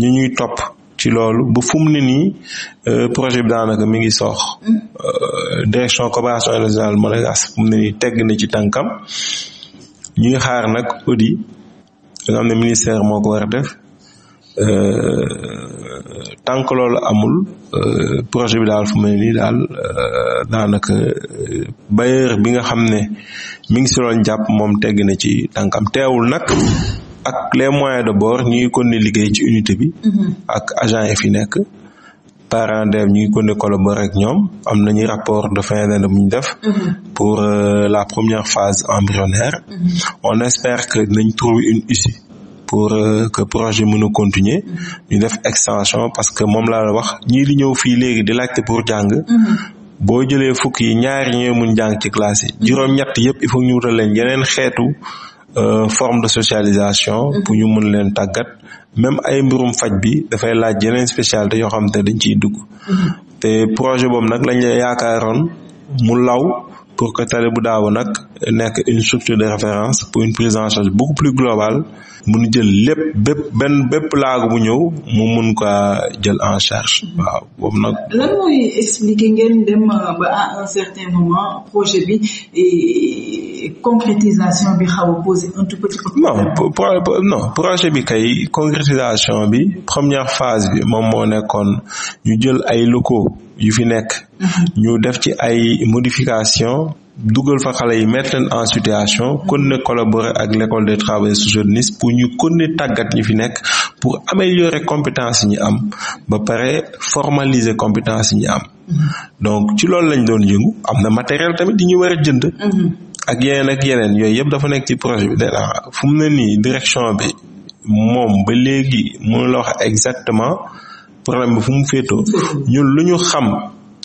ñuy topp ci loolu bu fu mu ne nii euh, projet bi daanaka mi ngi soox mm. euh, direction coopération internationale monégasque fu mu na nii tegg na ci tànkam ñuy xaar nag audit nga xam ne ministère moo ko war a def euh, tant que loolu amul projet bi daal fu mu ne nii daal daanaka bailleur bi nga xam ne mi ngi si doon jàpp moom tegg na ci tànkam teewul nag ak les moyens de bord ñu ngi continuer liggéey ci unité bi. Mhm. ak agent yi fi nekk. parents d'élèves ñu ngi continuer collaborer ak ñoom am nañu rapport de fin d'année bu ñu def. Mhm. pour euh, la première phase embryonnaire. Mm on espère que nañ trouver une issue. pour euh, que projet mën a continuer mhm. ñu def extension parce que moom laa la wax ñii di ñëw fii léegi di laajte pour jàng boo jëlee fukk yi ñaari ñooy mun jàng ci classe yi juróom-ñett yëpp il faut ñu wutal leen yeneen xeetu Euh, forme de socialisation mhm. pour ñu mën leen tàggat même ay mbirum faj bi dafay laaj yeneen spécialité yoo xam te dañ ciy dugg mhm. te projet boobu nag lañ la yaakaaroon mu law pour que Talibou Dabo nag nekk une structure de référence pour une prise en charge beaucoup plus globale mun jël lépp bépp benn bépp laago bu ñëw mu mun ko jël en charge waaw boobu nag. lan mooy ngeen dem euh, ba à un certain moment projet bi concrétisation bi kay concrétisation bi première phase bi moom moo nekkoon ñu jël ay locaux. yu fi nekk mhm. ñu def ci ay modification dugal fa xale yi mettre leen en situation mhm. kon ne collaborer ak l'école de travailleurs sociaux de Nice pour ñu kon ne tàggat ñu fi nekk pour améliorer compétence ñi am ba pare formaliser compétence ñi am mhm. donc ci loolu lañ doon yëngu am na matériel tamit di ñuy war a jënd ak yeneen ak yeneen yooyu yëpp dafa nekk ci projet bi dana fu mu ne nii direction bi moom ba léegi mënu la wax exactement problème bi fu mu féetoo ñun lu ñu xam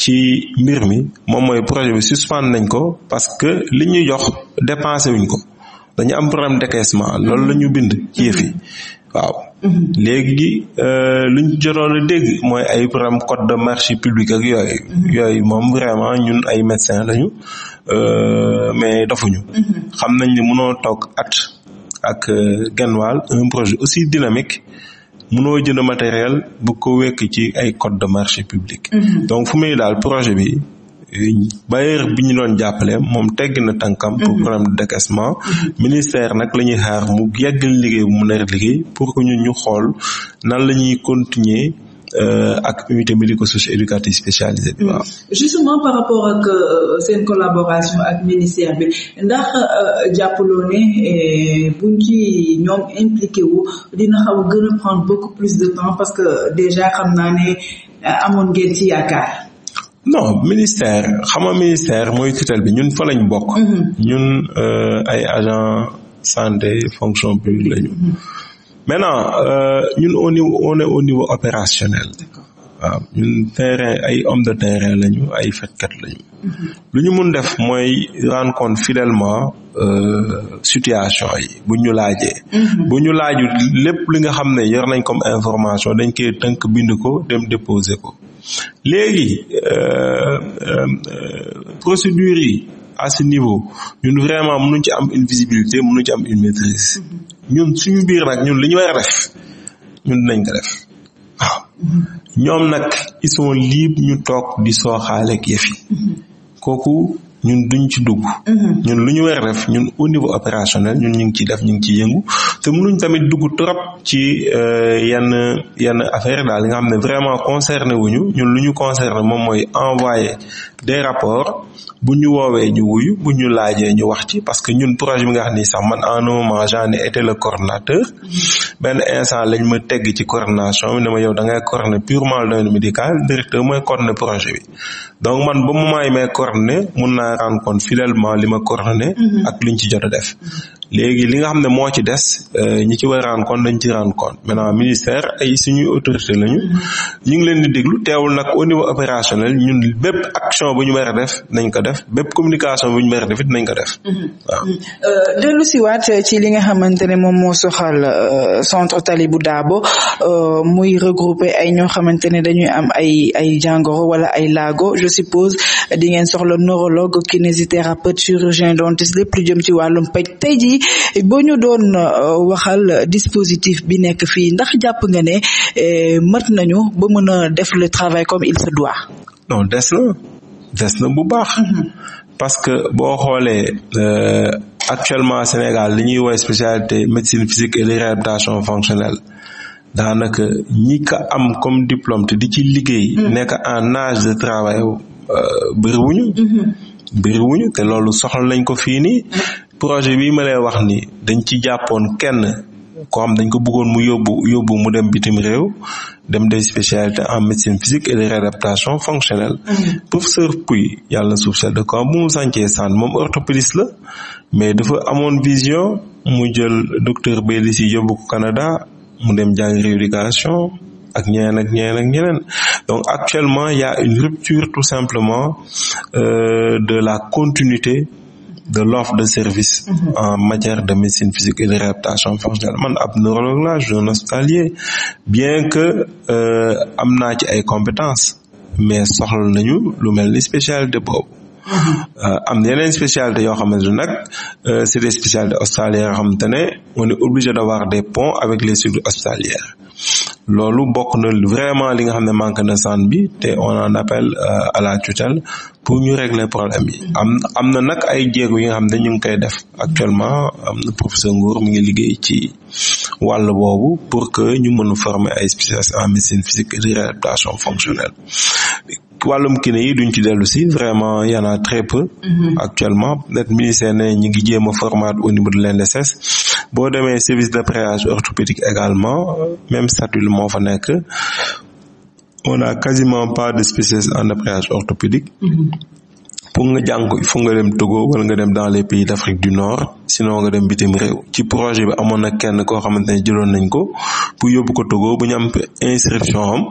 ci mbir mi moom mooy projet bi suspendre nañ ko parce que li ñu jox dépensé wuñ ko dañu am problème décaissement loolu la ñu bind ci yëf yi waaw léegi euh, lu jotoon a dégg mooy ay problème code de marché publique ak yooyu yooyu moom vraiment ñun ay médecin lañu euh, mais dofuñu mm-hmm. xam nañ ne mënoo toog at ak euh, genn wàll un projet aussi dynamique mënoo jënd matériel bu ko wekk ci ay code de marché public. Mhm. donc fu muy daal projet bi euh, bailleur bi ñu doon jàppale moom tegg na tànkam. pour mhm. problème de décaissement. Mhm. ministère nag la ñuy xaar mu yàggal liggéey bu mën a liggéey pour que ñun ñu xool nan la ñuy continuer. Euh, ak unité médico-socio-éducative spécialisée bi waaw. Mm. justement par rapport ak euh, seen collaboration ak ministère bi ndax euh, jàppaloo ne eh, buñ ci ñoom impliqué dina xaw a prendre beaucoup plus de temps parce que déjà xam naa ne amoon ngeen ci yaakaar. non ministère xam nga ministère mooy tutelle bi ñun fa lañ bokk. Mm-hmm. ñun ay agent santé fonction publique lañu. Mm-hmm. maintenant euh, ñun au niveau on est au niveau opérationnel. waaw ñun terrain ay homme de terrain lañu ay fajkat lañu. Mhm. lu ñu mun def mooy rencontre fidèlement euh, situation yi bu ñu laajee. Mhm. bu ñu laaju lépp li nga xam ne yor nañ comme information dañ koy tënk bind ko dem déposer ko léegi euh, procédure yi. à ce niveau ñun vraiment mënuñ ci am une visibilité mënuñ ci am une maîtrise ñun suñu biir nag ñun li ñu war a def ñun nañ ko def waaw ñoom nag ils sont libres ñu toog di sooxaaleeg yëf yi mm-hmm. ñun duñ ci dugg mm-hmm. ñun lu ñu war a def ñun au niveau opérationnel ñun ñu ngi ciy def ñu ngi ciy yëngu te mënuñ tamit dugg trop ci euh, yenn yenn affaire daal li nga xam ne vraiment concerné wuñu ñun lu ñu concerné moom mooy envoyé des rapport bu ñu woowee ñu wuyu bu ñu laajee ñu wax ci parce que ñun projet bi nga xam ni sax man en un moment j'en ai été le coordonnateur mm-hmm. benn instant lañ ma tegg ci coordination bi ne ma yow da ngay coordonner purement le domaine médical directeur mooy coordonner projet bi rendre kon fidèlement li ma coordonné. Mhm. ak liñ ci jot a def. Mhm. léegi li nga xam ne moo ci des euh, ñi ci war a rendre dañ ci rendre compte maintenant ministère ay suñuy autorité lañu ñu ngi leen di déglu teewul nag au niveau opérationnel ñun bépp action bu ñu war def nañ ko def bépp communication bu ñu war a def it nañ ko def. Mm-hmm. waaw mm-hmm. Euh, dellu si waat ci li nga xamante ne moom moo soxal euh, centre Talibou Dabo muy regrouper ay ñoo xamante ne dañuy am ay ay jàngoro wala ay laago je suppose di ngeen soxla neurologue kinésithérapeute chirurgien dentiste lépp lu jëm ci wàllum paj yi boo ñu doon euh, waxal dispositif bi nekk fii ndax jàpp nga ne e mat nañu ba mën a def le travail comme il se doit. des na des na bu baax. Mhm. parce que boo xoolee e actuellement Sénégal li ñuy woowee spécialité médecine physique et réhabilitation fonctionnelle daanaka ñi ko am comme diplôme te di ci liggéey. Mhm. nekk en âge de travail bëriwuñu. Mhm. bëriwuñu te loolu soxla nañ ko fii projet bi ma lay wax ni dañ ci jàppoon kenn kom xam dañ ko bëggoon mu yóbbu yóbbu mu dem bitim réew dem des spécialités en médecine physique et de réadaptation fonctionnelle mm-hmm. professeur Pouy yàlla na suuf sedd ko bu mu sàncee sànn moom orthopédiste la mais dafa amoon vision mu jël docteur Belisi yóbbu ko Canada mu dem jàng rééducation ak ñeneen ak ñeneen ak ñeneen donc actuellement ya y une rupture tout simplement euh, de la continuité de l'offre de service mhm. en matière de médecine physique et de réadaptation fonctionnelle man ab neurologue la je suis un hospitalier bien que euh, am naa ci ay compétences mais soxla nañu lu mel ni spécialité boobu mhm. euh, am na yeneen spécialité yoo xamante ne nag euh, c'est des spécialités hospitalières yoo xamante ne on est obligé d'avoir des ponts avec les structures hospitalières loolu bokk na vraiment li nga xam ne manque na centre bi te on en appelle euh, à la tutelle pour ñu régler problème yi am am na nag ay jéego yi nga xam ne ñu ngi koy def actuellement am na professeur Ngour mi ngi liggéey ci wall boobu pour que ñu mën a former ay spécialistes en médecine physique et de réadaptation fonctionnelle wàllum kiné yi duñ ci dellu si vraiment y a très peu mm-hmm. actuellement peut-être ministère ñu ngi jéem a format au niveau de l'NSS boo demee service de triage orthopédique également même statut lu moo fa nekk on a quasiment pas de spécialiste en appareillage orthopédique mm-hmm. pour nga jàng il faut nga dem Togo wala nga dem dans les pays d' Afrique du Nord sinon nga dem bitim réew ci projet bi amoon na kenn koo xamante ne jëloon nañ ko pour yóbbu ko Togo bu ñu am inscription am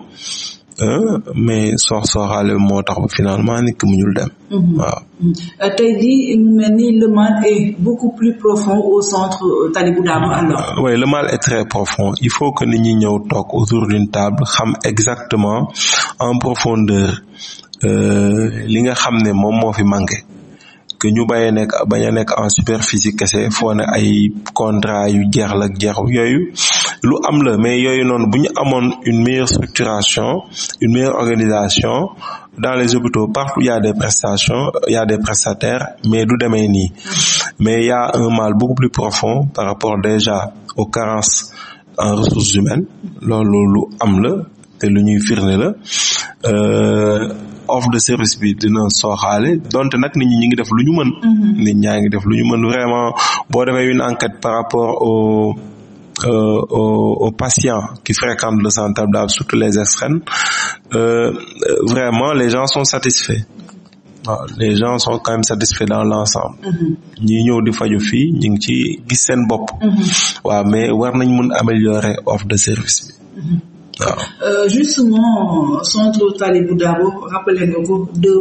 Euh, mais soox sooxaale moo tax ba finalement nit ki muñul dem. Mhm. waaw. Euh, tey ni le mal est beaucoup plus profond au centre euh, Talibou alors. oui le mal est très profond il faut que nit ñi ñëw toog autour d'une table xam exactement en profondeur li nga xam ne moom moo fi manqué. que ñu bàyyi nekk bañ a nekk en superficie kese foo ne ay contrat yu jeex la jeex yooyu lu am la mais yooyu noonu bu ñu amoon une meilleure structuration une meilleure organisation dans les hôpitaux partout ya des prestations il y a des prestataires mais du demee nii mais ya y a un mal beaucoup plus profond par rapport déjà aux carences en ressources humaines loolu lu am la te lu ñuy firnde la euh, offre de service bi dina sooxaale donte nag nit ñi ñu ngi def lu ñu mën mm-hmm. nit ñaa ngi def lu ñu mën vraiment boo defee une enquête par rapport au Euh, aux, aux, patients qui fréquentent le centre d'Abdab, surtout les extrêmes, euh, euh, vraiment, les gens sont satisfaits. waaw les gens sont quand même satisfaits dans l'ensemble mm-hmm. ñi ñëw di faju fii ñu ngi ci gis seen bopp mm-hmm. waaw mais war nañ mun améliorer offre de service waaw euh, justement centre Talibou Dabo rappelé nga ko deux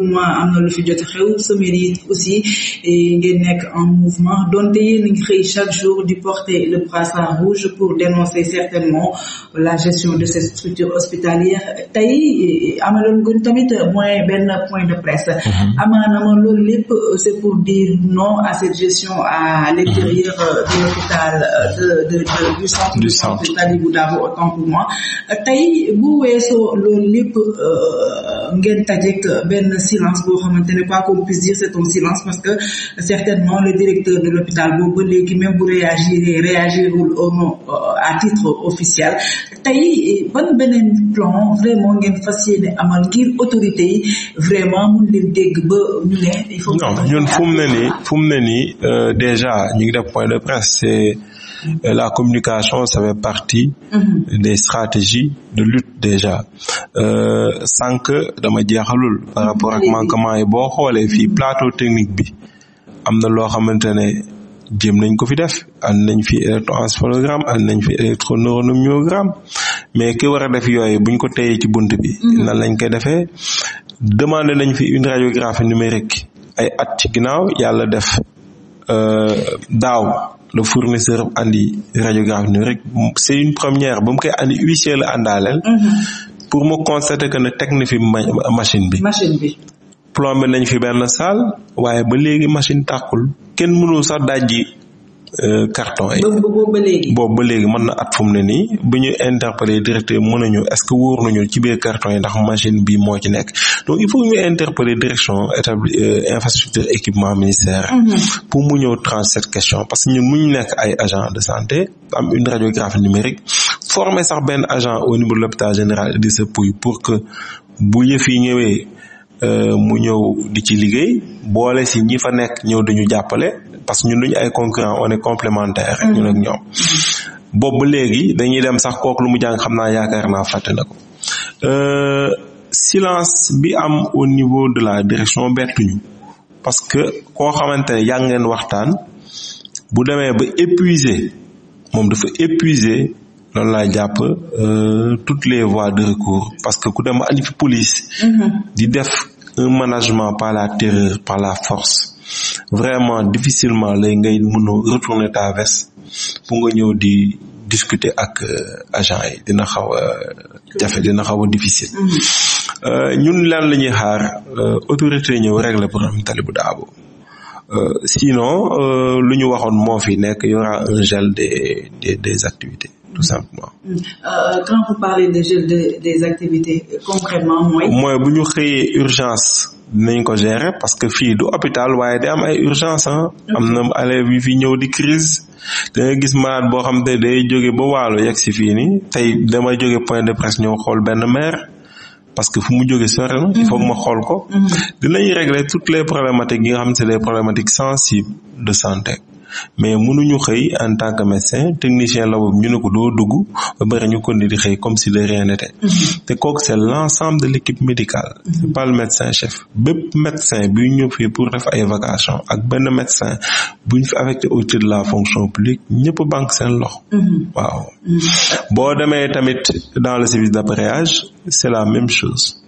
fi jot xew semaine yi aussi ngeen nekk un mouvement donte yéen a ngi chaque jour di porter le brassard rouge pour dénoncer certainement la gestion de cette structure hospitalière tey amaloon gën tamit moins benn point de presse. Mhm. amaanaam loolu lépp c'est pour dire non à cette gestion à l'intérieur euh, de l'hôpital euh, de de du centre. du centre Talibou Dabo autant pour moi. tey bu weesoo loolu lépp euh, ngeen tajeek benn silence boo xamante ne quoi qu'on puisse dire c'est un silence parce que certainement le directeur de l'hôpital boobu ba léegi même bu réagir réagirul au nom euh, à titre officiel tey ban beneen plan vraiment ngeen fas yéene amal autorité yi vraiment mun leen dégg ba ñu ne. il faut ñun fu mu ne nii fu ne nii euh, déjà ñu ngi def point de presse c'est la communication, ça fait partie mm -hmm. des stratégies de lutte déjà euh, sans que dama jeexalul par rapport ak manquement yi boo xoolee fii mm-hmm. plateau technique bi am na loo xamante ne jéem nañ ko fi def am nañ fi électroencéphalogramme am nañ fi électroneuronomyogramme mais ki war a def yooyu buñ ko téyee ci bunt bi mm-hmm. nan lañ koy defee demande nañ fi une radiographie numérique ay at ci ginnaaw yàlla def euh, daaw le fournisseur andi radiographie ni rek c'est une première ba mu koy andi huissier la àndaaleel mm-hmm. pour mu constater que ne teg na fi machine bi machine bi plombé nañ fi benn salle waaye ba léegi machine tàkkul kenn mënul sax dajji Euh, carton yi. boobu ba léegi. boobu mën na at fu mu ne nii bu ñu interpeller directeur mën nañu est ce que wóor nañu ci biir carton yi ndax machine bi moo ci nekk donc il faut ñu interpeller direction établi euh, infrastructure équipement ministère. Mhm. pour mu ñëw trancher cette question parce que ñun mu ñu nekk ay agent de santé am une radiographie numérique former sax benn agent au niveau de l'hôpital général Idrissa Pouye pour que bu yëf yi ñëwee. Euh, mu ñëw di ci liggéey boole si ñi fa nekk ñëw duñu jàppale parce que ñun duñu ay concurrent on est complémentaire mm-hmm. ñun ñoom boobu ba léegi dañuy dem sax kooku lu mu jàng xam naa yaakaar naa fàtte na ko euh, silence bi am au niveau de la direction bettuñu parce que koo xamante ne yaa ngeen waxtaan bu demee ba épuisé moom dafa épuisé loolu laa jàpp euh, toutes les voies de recours parce que ku dem ba andi fi police. Mm-hmm. di def un management par la terreur par la force vraiment difficilement lay ngay mën a retourner ta veste pour nga ñëw di discuter ak euh, agent yi dina xaw a euh, jafe dina xaw a difficile mm-hmm. euh, ñun lan la ñuy xaar autorité ñëw régler problème Talibou Dabo sinon lu ñu waxoon moo fi nekk y aura gel des des des activités tout simplement. Euh, euh, mooy. mooy bu ñu xëyee urgence dinañ ko gérer parce que fii du hôpital waaye day am ay urgence ah. am na élèves yu fi ñëw di crise da gis malade boo xam te day jóge ba waalo yegg si fii nii tey damay jóge point de presse ñëw xool benn maire. parce que fu mu jógee sore na il faut mhm. ma xool ko mhm. dinañ régler toutes les problématiques yi nga xam ne c'est des problématiques sensibles de santé mais mënuñu xëy en tant que médecin technicien labo bi ñu ne ko doo dugg ba bari ñu continuer di xëy comme si de rien mm-hmm. te kook seen l'ensemble de l'équipe médicale mm-hmm. c'est pas le médecin chef bépp médecin bi ñu ñëw fii pour ref ay vacation ak benn médecin bu ñu fi affecté au titre la fonction publique ñëpp banque seen loxo mm-hmm. waaw boo demee tamit dans le service d'appareillage c'est la même chose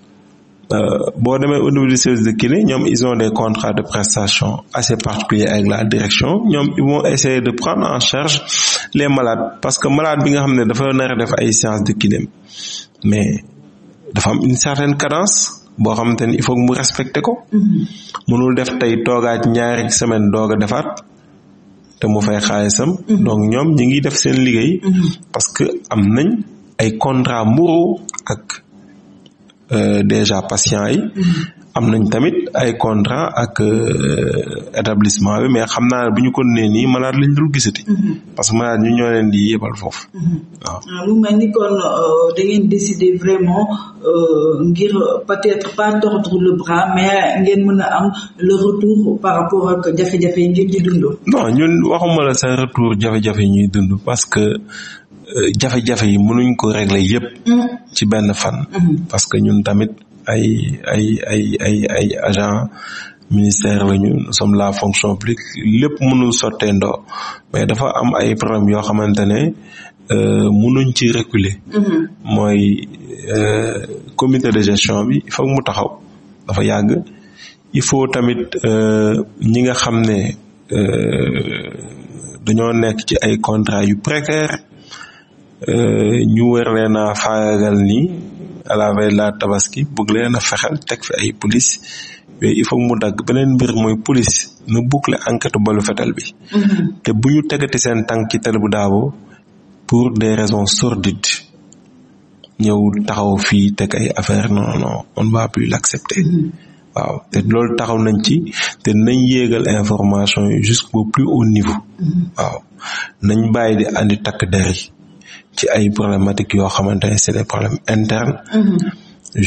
Euh, boo demee au niveau de kiné ñoom ils ont des contrats de prestation assez particuliers avec la direction ñoom ils vont essayer de prendre en charge les malades parce que malade bi nga xam ne dafa nar a def ay séance de kiné mais dafa am une certaine cadence boo xamante ni il foog mu respecter ko mm-hmm. mënul def tey toogaat ñaari semaine doog a defaat te mu fay xaalisam mm-hmm. donc ñoom ñi ngi def seen liggéey mm-hmm. parce que am nañ ay contrat moraux ak Euh, déjà patients yi. Mm-hmm. am nañ tamit ay contrat ak euh, établissement bi mais xam naa bu ñu kon nee nii malade lañ dul gisati. Mm-hmm. parce que malade ñu ñoo leen di yebal foofu. Mm-hmm. waaw ah, lu mel ni kon euh, da ngeen décider vraiment ngir peut-être pas tordre le bras mais ngeen mën am le retour par rapport ak jafe-jafe yi ngeen di dund. non ñun waxuma la retour jafe-jafe yi ñuy dund parce que. jafe-jafe yi mënuñ ko régler yëpp ci benn fan mm-hmm. parce que ñun tamit ay ay ay ay ay agent ministère la ñu la fonction publique lépp mënul sottee ndoo mais dafa am ay problème yoo xamante ne euh, munuñ ci réculer mm-hmm. mooy euh, comité de gestion bi il faut mu taxaw dafa yàgg il faut tamit euh, ñi nga xam ne dañoo nekk ci ay contrat yu précaire Euh, ñu war leen a faagagal nii à la veille la tabaski bëgg leen a fexel teg fi ay police il faut mu dagg beneen mbir mooy police na boucler enquête balu fetal bi. Mm-hmm. te bu ñu tegati seen tànk ci Talibou Dabo pour des raisons sordides. ñëw taxaw fii teg ay affaires non non on va plus l'accepter mm-hmm. waaw te loolu taxaw nañ ci te nañ yéegal information yi jusqu'au plus haut niveau mm-hmm. waaw nañ bàyyi di andi takk der ci ay problématiques yoo xamante ne c'est des problème internes mm-hmm.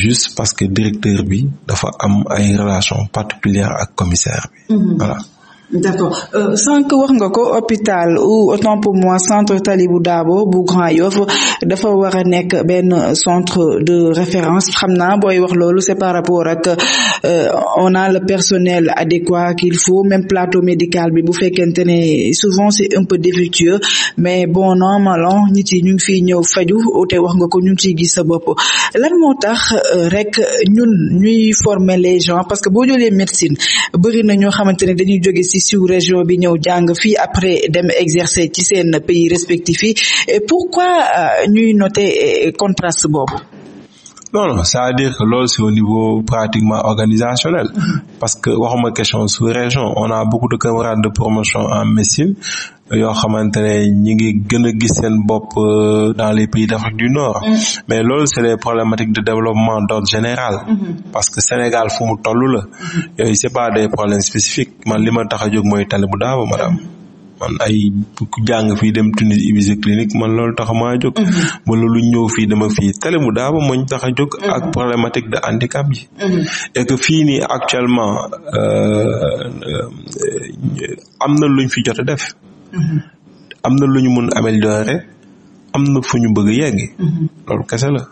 juste parce que directeur bi dafa am ay relations particulières ak commissaire bi mm-hmm. voilà d'accord euh, sànq wax nga ko hôpital ou autant pour moi centre Talibou Dabo bu Grand Yoff dafa war nekk benn centre de référence xam naa booy wax loolu c'est par rapport ak euh, on a le personnel adéquat qu'il faut même plateau médical bi bu fekkente ne souvent c'est un peu défectueux mais bon non malon nit yi ñu ngi fiy ñëw faju te wax nga ko ñu ngi ciy gis sa bopp lan moo tax euh, rek ñun ñuy former les parce que boo jëlee médecine bëri na ñoo xamante ne ci sous région bi ñëw jàng fii après dem exercer ci seen pays respectif yi et pourquoi euh, ñuy noter euh, contraste boobu non non c'est-à-dire que loolu c'est au niveau pratiquement organisationnel mm-hmm. parce que waxuma question sous région on a beaucoup de camarades de promotion en médecine yoo xamante ne ñi ngi gën a gis seen bopp euh, dans les pays d'Afrique du Nord mm-hmm. mais loolu c'est des problématiques de développement d'ordre général mm-hmm. parce que Sénégal fo mu toll la yooyu c'est pas des problèmes spécifiques man li ma tax a jóg mooy Talibou Dabo madame man ay jàng fii dem Tunis ubbi clinique man loolu tax ma jog wala mhm. luñ ñëw fii dema fii télé mu daaba mooñ tax a jóg. ak mhm. problématique de handicap yi. Mhm. et que fii nii actuellement euh, am na luñ fi jot a def. am na lu ñu mun améliorer am na fu ñu bëgg a yegg. loolu kese la.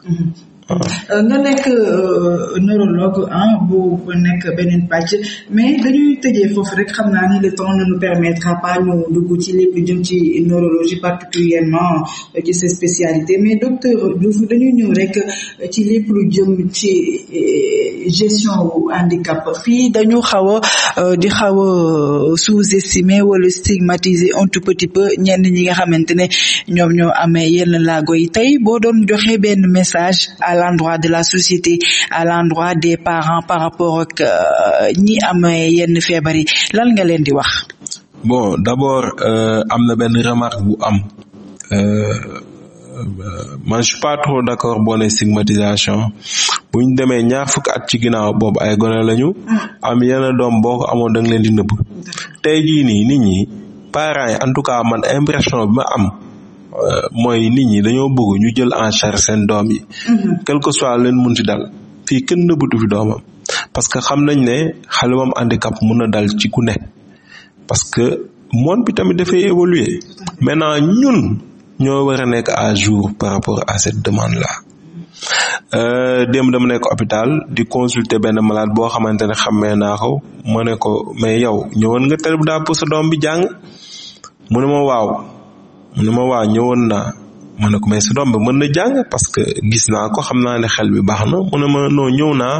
Euh, nga nekk euh, neurologue ah bu nekk beneen pàcc mais dañuy tëjee foofu rek xam naa ni le temps ne nous permettra pas ñu dugg ci lépp ci neurologie particulièrement ci sa spécialité mais docteur Diouf dañuy ñëw ci lépp lu jëm ci euh, gestion wu handicap fii dañu xaw a di xaw a sous-estimer wala stigmatiser un tout petit ñenn ñi nga xamante ne ñoom ñoo amee yenn laago yi tey boo doon joxe benn message l'endroit de la société à l'endroit des parents par rapport ak euh, ñi am yenn feebar yi lan nga leen di wax. bon d'abord euh, am na benn remarque bu am euh, man je suis pas trop d'accord boo ne stigmatisation bu ñu demee ñaar fukk at ci ginnaaw boobu ay gone lañu. Ah. am yenn doom boo ko amoon da leen di nëbb. tey jii nii nit yi en tout cas man impression bi ma am. Euh, mooy nit ñi dañoo bugg ñu jël en charge seen doom yi. Mm-hmm. quel que soit leen mun ci dal fii kenn nëbbatu fi doomam parce que xam nañ ne xale moom handicap mun na dal ci ku ne parce que moon bi tamit dafay évoluer maintenant ñun ñoo war a nekk à jour par rapport à cette demande la là. Euh, démb dama nekk hôpital di consulter benn malade boo xamante ne xamee naa ko ma ne ko mais yow ñëwoon nga teel daa pour doom bi jàng mu ma waaw. mu ne ma waa ñëwoon naa ma ne ko mais su doom bi mën na jàng parce que gis naa ko xam naa ne xel bi baax na mu ne ma noo ñëw naa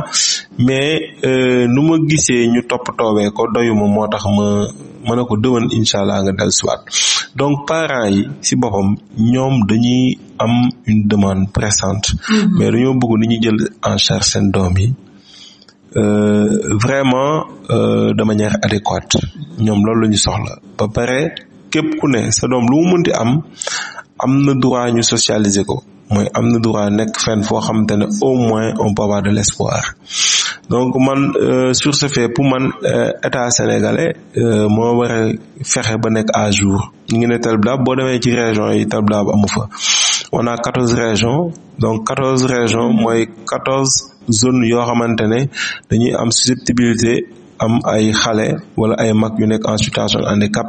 mais euh, nu ma gisee ñu toppatoowee ko doyuma moo tax ma ma ne ko dëwan incha allah nga del siwaat donc parents yi si boppam ñoom dañuy am une demande pressante mm-hmm. mais dañoo bëgg ni ñu jël en charge seen doom yi euh, vraiment euh, de manière adéquate ñoom loolu la ñu soxla ba pare képp ku ne sa lu mu mënti am am na droit ñu socialiser ko mooy am na droit nekk fenn foo xamante ne au moins on peut avoir de l'espoir donc man euh, sur ce fait pour man euh, état euh, sénégalais euh, moo war a ba nekk à jour ñu ngi ne Téléblav boo demee ci région yi Téléblav amu fa on a quatorze régions donc quatorze régions mm-hmm. mooy quatorze zone yoo xamante ne dañuy am susceptibilité am ay xale wala ay mag yu nekk en situation de handicap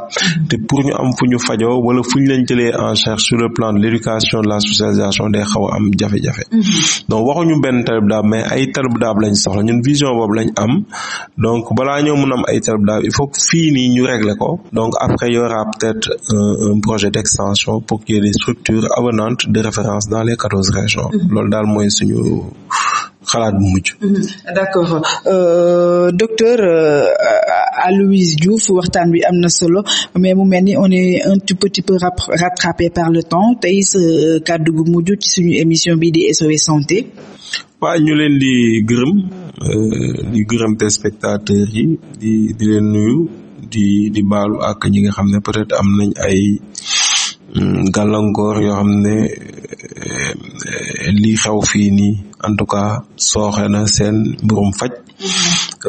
te pour ñu am fu ñu fajoo wala fu ñu leen jëlee en charge sur le plan de l'éducation de la socialisation day xaw a am jafe-jafe mm-hmm. donc ñu benn tarib daab mais ay tarib daab lañ soxla ñun vision boobu lañ am donc balaa ñoo mun am ay tarib daab il faut fii nii ñu régler ko donc après y aura peut-être projet d'extension pour qu'il y ait des de référence dans les quatorze régions mm-hmm. loolu daal mooy suñu xalaat bu mujj. Mm-hmm. d'accord euh, docteur euh, Aloyse Diouf waxtaan wi am na solo mais mu mel ni on un tout petit peu rattrapé par le temps tey sa kàddu gu mujj ci suñu émission bi di SOS santé. waaw ñu leen di gërëm euh, di gërëm te spectateurs yi di di leen nuyu di di baalu ak ñi nga xam ne peut-être am nañ ay. Mm, gàllankoor yoo xam ne eh, lii xew fii nii en tout cas sooxe na seen mbirum faj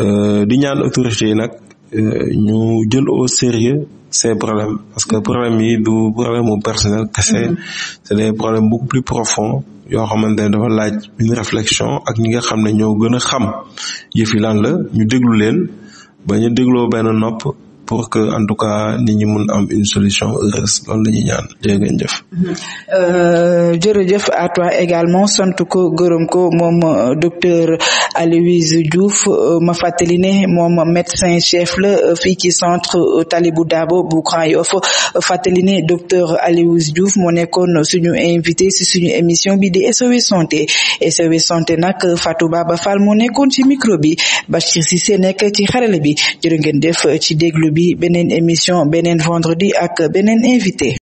euh, di ñaan autorité yi nag euh, ñu jël au sérieux ces problèmes parce que problème yi du problème mu personnel kese mm-hmm. c'est des problèmes beaucoup plus profond yoo xamante ne dafa laaj une réflexion ak ñi nga xam ne ñoo gën a xam yëf lan la ñu déglu leen ba ñu dégloo benn nopp pour que en tout cas nit ñi mun am une solution heureuse loolu la ñuy ñaan jërë ngeen jëf. Euh, jërëjëf à également sant ko gërëm ko moom euh, docteur Aloyse Diouf euh, ma fàttali ne moom médecin chef la fii ci centre Talibou Dabo bu Grand Yoff fàttali ne docteur Aloyse Diouf moo nekkoon suñu invité si suñu émission bi di SOS santé SOS santé nag Fatou Baba Fall moo ci micro bi Bachir Cissé ci xarala bi jërë ngeen def ci déglu bi beneen émission beneen vendredi ak beneen invité